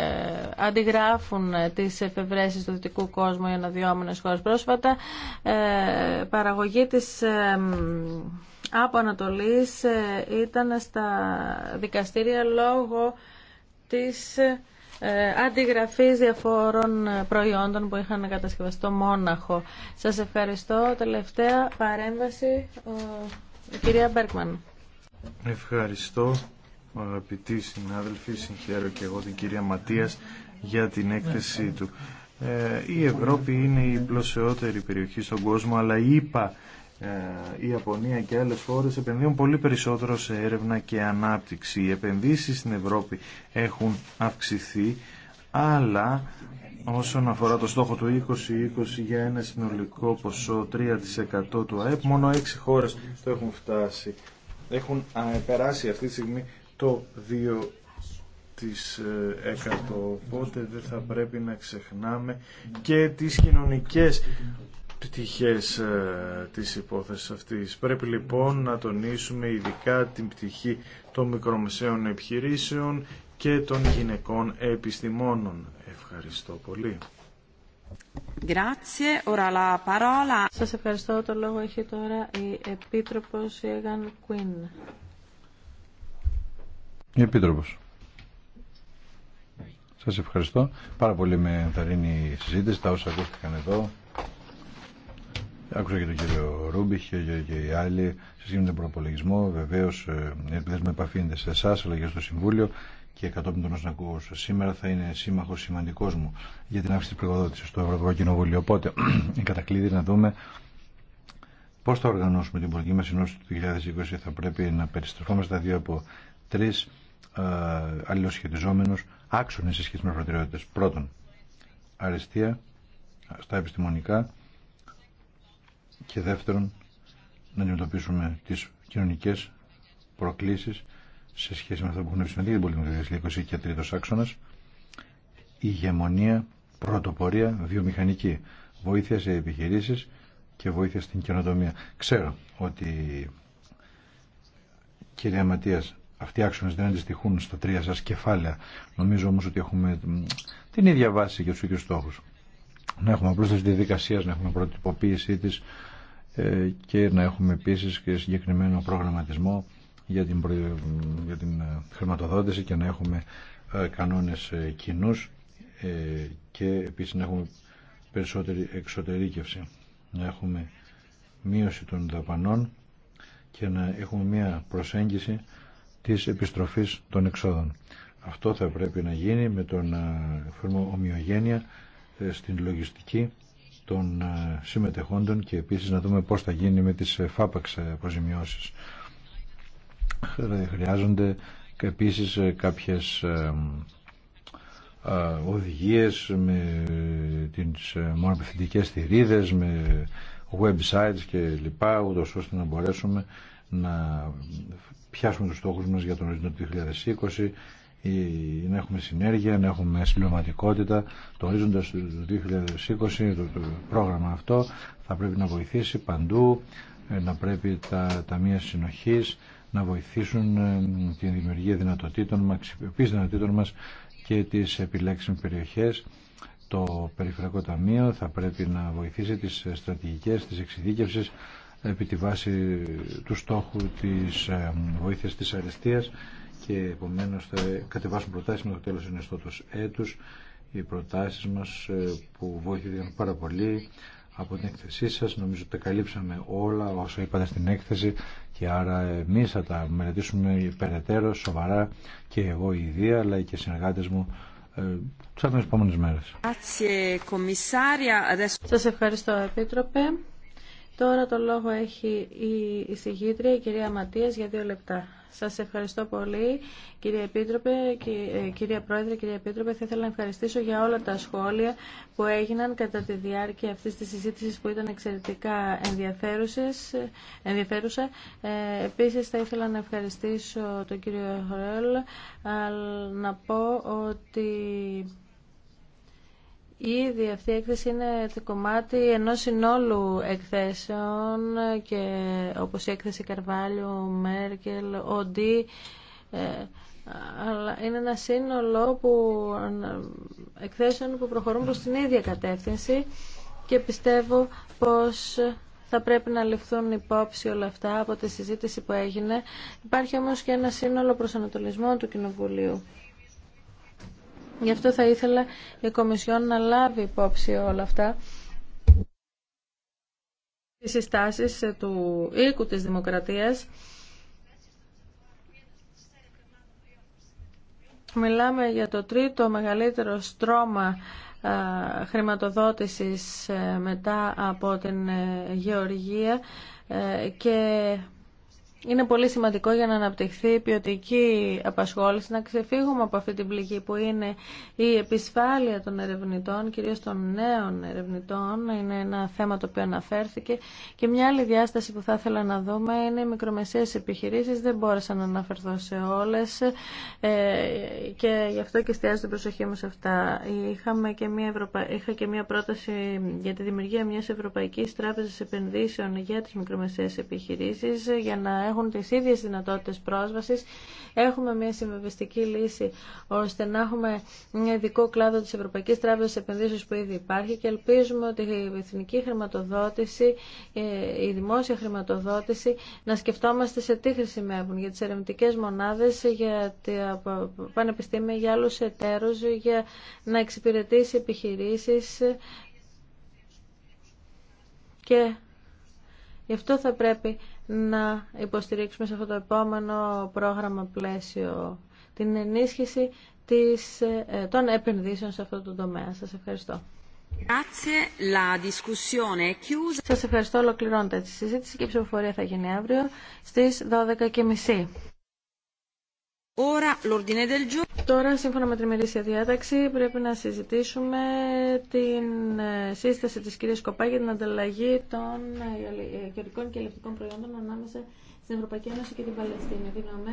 αντιγράφουν τις εφευρέσεις του δυτικού κόσμου να αναδυόμενες χώρες. Πρόσφατα ε, παραγωγή της από Ανατολής ήταν στα δικαστήρια λόγω της ε, αντιγραφής διαφόρων ε, προϊόντων που είχαν κατασκευαστεί στο Μόναχο. Σας ευχαριστώ. Τελευταία παρέμβαση, η κυρία Μπέρκμαν. Ευχαριστώ, αγαπητοί συνάδελφοι. Συγχαίρω και εγώ την κυρία Ματίας για την έκθεσή του. Ε, η Ευρώπη είναι η πλωσεότερη περιοχή στον κόσμο, αλλά είπα ε, η Ιαπωνία και άλλες χώρες επενδύουν πολύ περισσότερο σε έρευνα και ανάπτυξη. Οι επενδύσεις στην Ευρώπη έχουν αυξηθεί, αλλά όσον αφορά το στόχο του 2020 για ένα συνολικό ποσό 3% του ΑΕΠ, μόνο 6 χώρες το έχουν φτάσει. Έχουν περάσει αυτή τη στιγμή το 2% της 100, οπότε δεν θα πρέπει να ξεχνάμε και τις κοινωνικές Πτυχέ ε, της υπόθεση αυτής. Πρέπει λοιπόν να τονίσουμε ειδικά την πτυχή των μικρομεσαίων επιχειρήσεων και των γυναικών επιστημόνων. Ευχαριστώ πολύ. Σας ευχαριστώ. Το λόγο έχει τώρα η Επίτροπος Ιέγαν Κουίν. Η Επίτροπος. Σας ευχαριστώ. Πάρα πολύ με ενθαρρύνει η συζήτηση, τα όσα ακούστηκαν εδώ. Άκουσα και τον κύριο Ρούμπιχ και, οι άλλοι σα γίνεται τον προπολογισμό. Βεβαίω, ε, επειδή με επαφή σε εσά αλλά και στο Συμβούλιο και κατόπιν των όσων ακούω σήμερα θα είναι σύμμαχο σημαντικό μου για την αύξηση τη πληροδότηση στο Ευρωπαϊκό Κοινοβούλιο. Οπότε, κατακλείδη να δούμε πώ θα οργανώσουμε την πολιτική μα συνόψη του 2020. Θα πρέπει να περιστρεφόμαστε δύο από τρει ε, αλληλοσχετιζόμενου άξονε σε σχέση με προτεραιότητε. Πρώτον, αριστεία στα επιστημονικά και δεύτερον να αντιμετωπίσουμε τις κοινωνικές προκλήσεις σε σχέση με αυτό που έχουν επισημανθεί την πολιτική του και τρίτος άξονας ηγεμονία, πρωτοπορία, βιομηχανική βοήθεια σε επιχειρήσεις και βοήθεια στην καινοτομία. Ξέρω ότι κυρία Ματίας αυτοί οι άξονε δεν αντιστοιχούν στα τρία σα κεφάλαια. Νομίζω όμω ότι έχουμε την ίδια βάση για του ίδιου στόχου. Να έχουμε απλώ τη διαδικασία, να έχουμε πρωτοτυποποίηση τη. Ε, και να έχουμε επίσης και συγκεκριμένο προγραμματισμό για την, για την ε, χρηματοδότηση και να έχουμε ε, κανόνες κοινούς και επίσης να έχουμε περισσότερη εξωτερήκευση να έχουμε μείωση των δαπανών και να έχουμε μια προσέγγιση της επιστροφής των εξόδων. Αυτό θα πρέπει να γίνει με τον φορμό ομοιογένεια στην λογιστική των ε, συμμετεχόντων και επίσης να δούμε πώς θα γίνει με τις ε, φάπαξ προζημιώσεις. Χρειάζονται και επίσης ε, κάποιες οδηγίες με τις μονοπευθυντικές θηρίδες, με websites και λοιπά, ούτως ώστε να μπορέσουμε να πιάσουμε τους στόχους μας για τον ορισμό του 2020 να έχουμε συνέργεια, να έχουμε συμπληρωματικότητα. Το ορίζοντα του 2020, το, πρόγραμμα αυτό θα πρέπει να βοηθήσει παντού, ε, να πρέπει τα ταμεία συνοχής να βοηθήσουν ε, τη δημιουργία δυνατοτήτων μας, δυνατοτήτων μας και τις επιλέξιμες περιοχές. Το Περιφερειακό Ταμείο θα πρέπει να βοηθήσει τις στρατηγικές, τις εξειδίκευσεις επί τη βάση του στόχου της ε, βοήθειας της αριστείας και επομένω, θα κατεβάσουμε προτάσεις με το τέλος ενεστώτος έτου, Οι προτάσεις μας ε, που βοηθήθηκαν πάρα πολύ από την έκθεσή σα. Νομίζω ότι τα καλύψαμε όλα όσα είπατε στην έκθεση και άρα εμεί θα τα μελετήσουμε περαιτέρω, σοβαρά και εγώ η Ιδία αλλά και οι συνεργάτε μου ε, τι επόμενε μέρες. Σα ευχαριστώ Επίτροπε. Τώρα το λόγο έχει η εισηγήτρια, η κυρία Ματίας, για δύο λεπτά. Σας ευχαριστώ πολύ, κυρία, Επίτροπε, ε, κυρία Πρόεδρε, κυρία Επίτροπε. Θα ήθελα να ευχαριστήσω για όλα τα σχόλια που έγιναν κατά τη διάρκεια αυτής της συζήτησης που ήταν εξαιρετικά ενδιαφέρουσα. Ε, επίσης, θα ήθελα να ευχαριστήσω τον κύριο Χρέλ να πω ότι Ήδη αυτή η έκθεση είναι το κομμάτι ενός συνόλου εκθέσεων και όπως η έκθεση Καρβάλιου, Μέρκελ, Οντί, ε, αλλά είναι ένα σύνολο που, ε, εκθέσεων που προχωρούν προς την ίδια κατεύθυνση και πιστεύω πως θα πρέπει να ληφθούν υπόψη όλα αυτά από τη συζήτηση που έγινε. Υπάρχει όμως και ένα σύνολο προσανατολισμών του Κοινοβουλίου. Γι' αυτό θα ήθελα η Κομισιόν να λάβει υπόψη όλα αυτά τις συστάσεις του οίκου της Δημοκρατίας Μιλάμε για το τρίτο μεγαλύτερο στρώμα χρηματοδότησης ε, μετά από την ε, γεωργία ε, και είναι πολύ σημαντικό για να αναπτυχθεί η ποιοτική απασχόληση, να ξεφύγουμε από αυτή την πληγή που είναι η επισφάλεια των ερευνητών, κυρίως των νέων ερευνητών, είναι ένα θέμα το οποίο αναφέρθηκε. Και μια άλλη διάσταση που θα ήθελα να δούμε είναι οι μικρομεσαίες επιχειρήσεις, δεν μπόρεσα να αναφερθώ σε όλες ε, και γι' αυτό και εστιάζεται την προσοχή μου σε αυτά. Είχαμε και μια Ευρωπα... Είχα και μια πρόταση για τη δημιουργία μιας Ευρωπαϊκής Τράπεζας Επενδύσεων για τις μικρομεσαίες επιχειρήσεις, για να έχουν τις ίδιες δυνατότητες πρόσβασης. Έχουμε μια συμβεβαιστική λύση ώστε να έχουμε ένα ειδικό κλάδο της Ευρωπαϊκής Τράπεζας Επενδύσεως που ήδη υπάρχει και ελπίζουμε ότι η εθνική χρηματοδότηση, ε, η δημόσια χρηματοδότηση, να σκεφτόμαστε σε τι χρησιμεύουν για τις ερευνητικές μονάδες, για τα πανεπιστήμια, για άλλους εταίρους, για να εξυπηρετήσει επιχειρήσεις και γι' αυτό θα πρέπει να υποστηρίξουμε σε αυτό το επόμενο πρόγραμμα πλαίσιο την ενίσχυση της, ε, των επενδύσεων σε αυτό το τομέα. Σας ευχαριστώ. Σας ευχαριστώ. Ολοκληρώνεται τη συζήτηση και η ψηφοφορία θα γίνει αύριο στις 12.30. Τώρα, σύμφωνα με την μερίσια διάταξη, πρέπει να συζητήσουμε την ε, σύσταση της κυρίας Κοπά για την ανταλλαγή των ε, ε, γεωρικών και ελευτικών προϊόντων ανάμεσα στην Ευρωπαϊκή Ένωση και την Παλαιστίνη.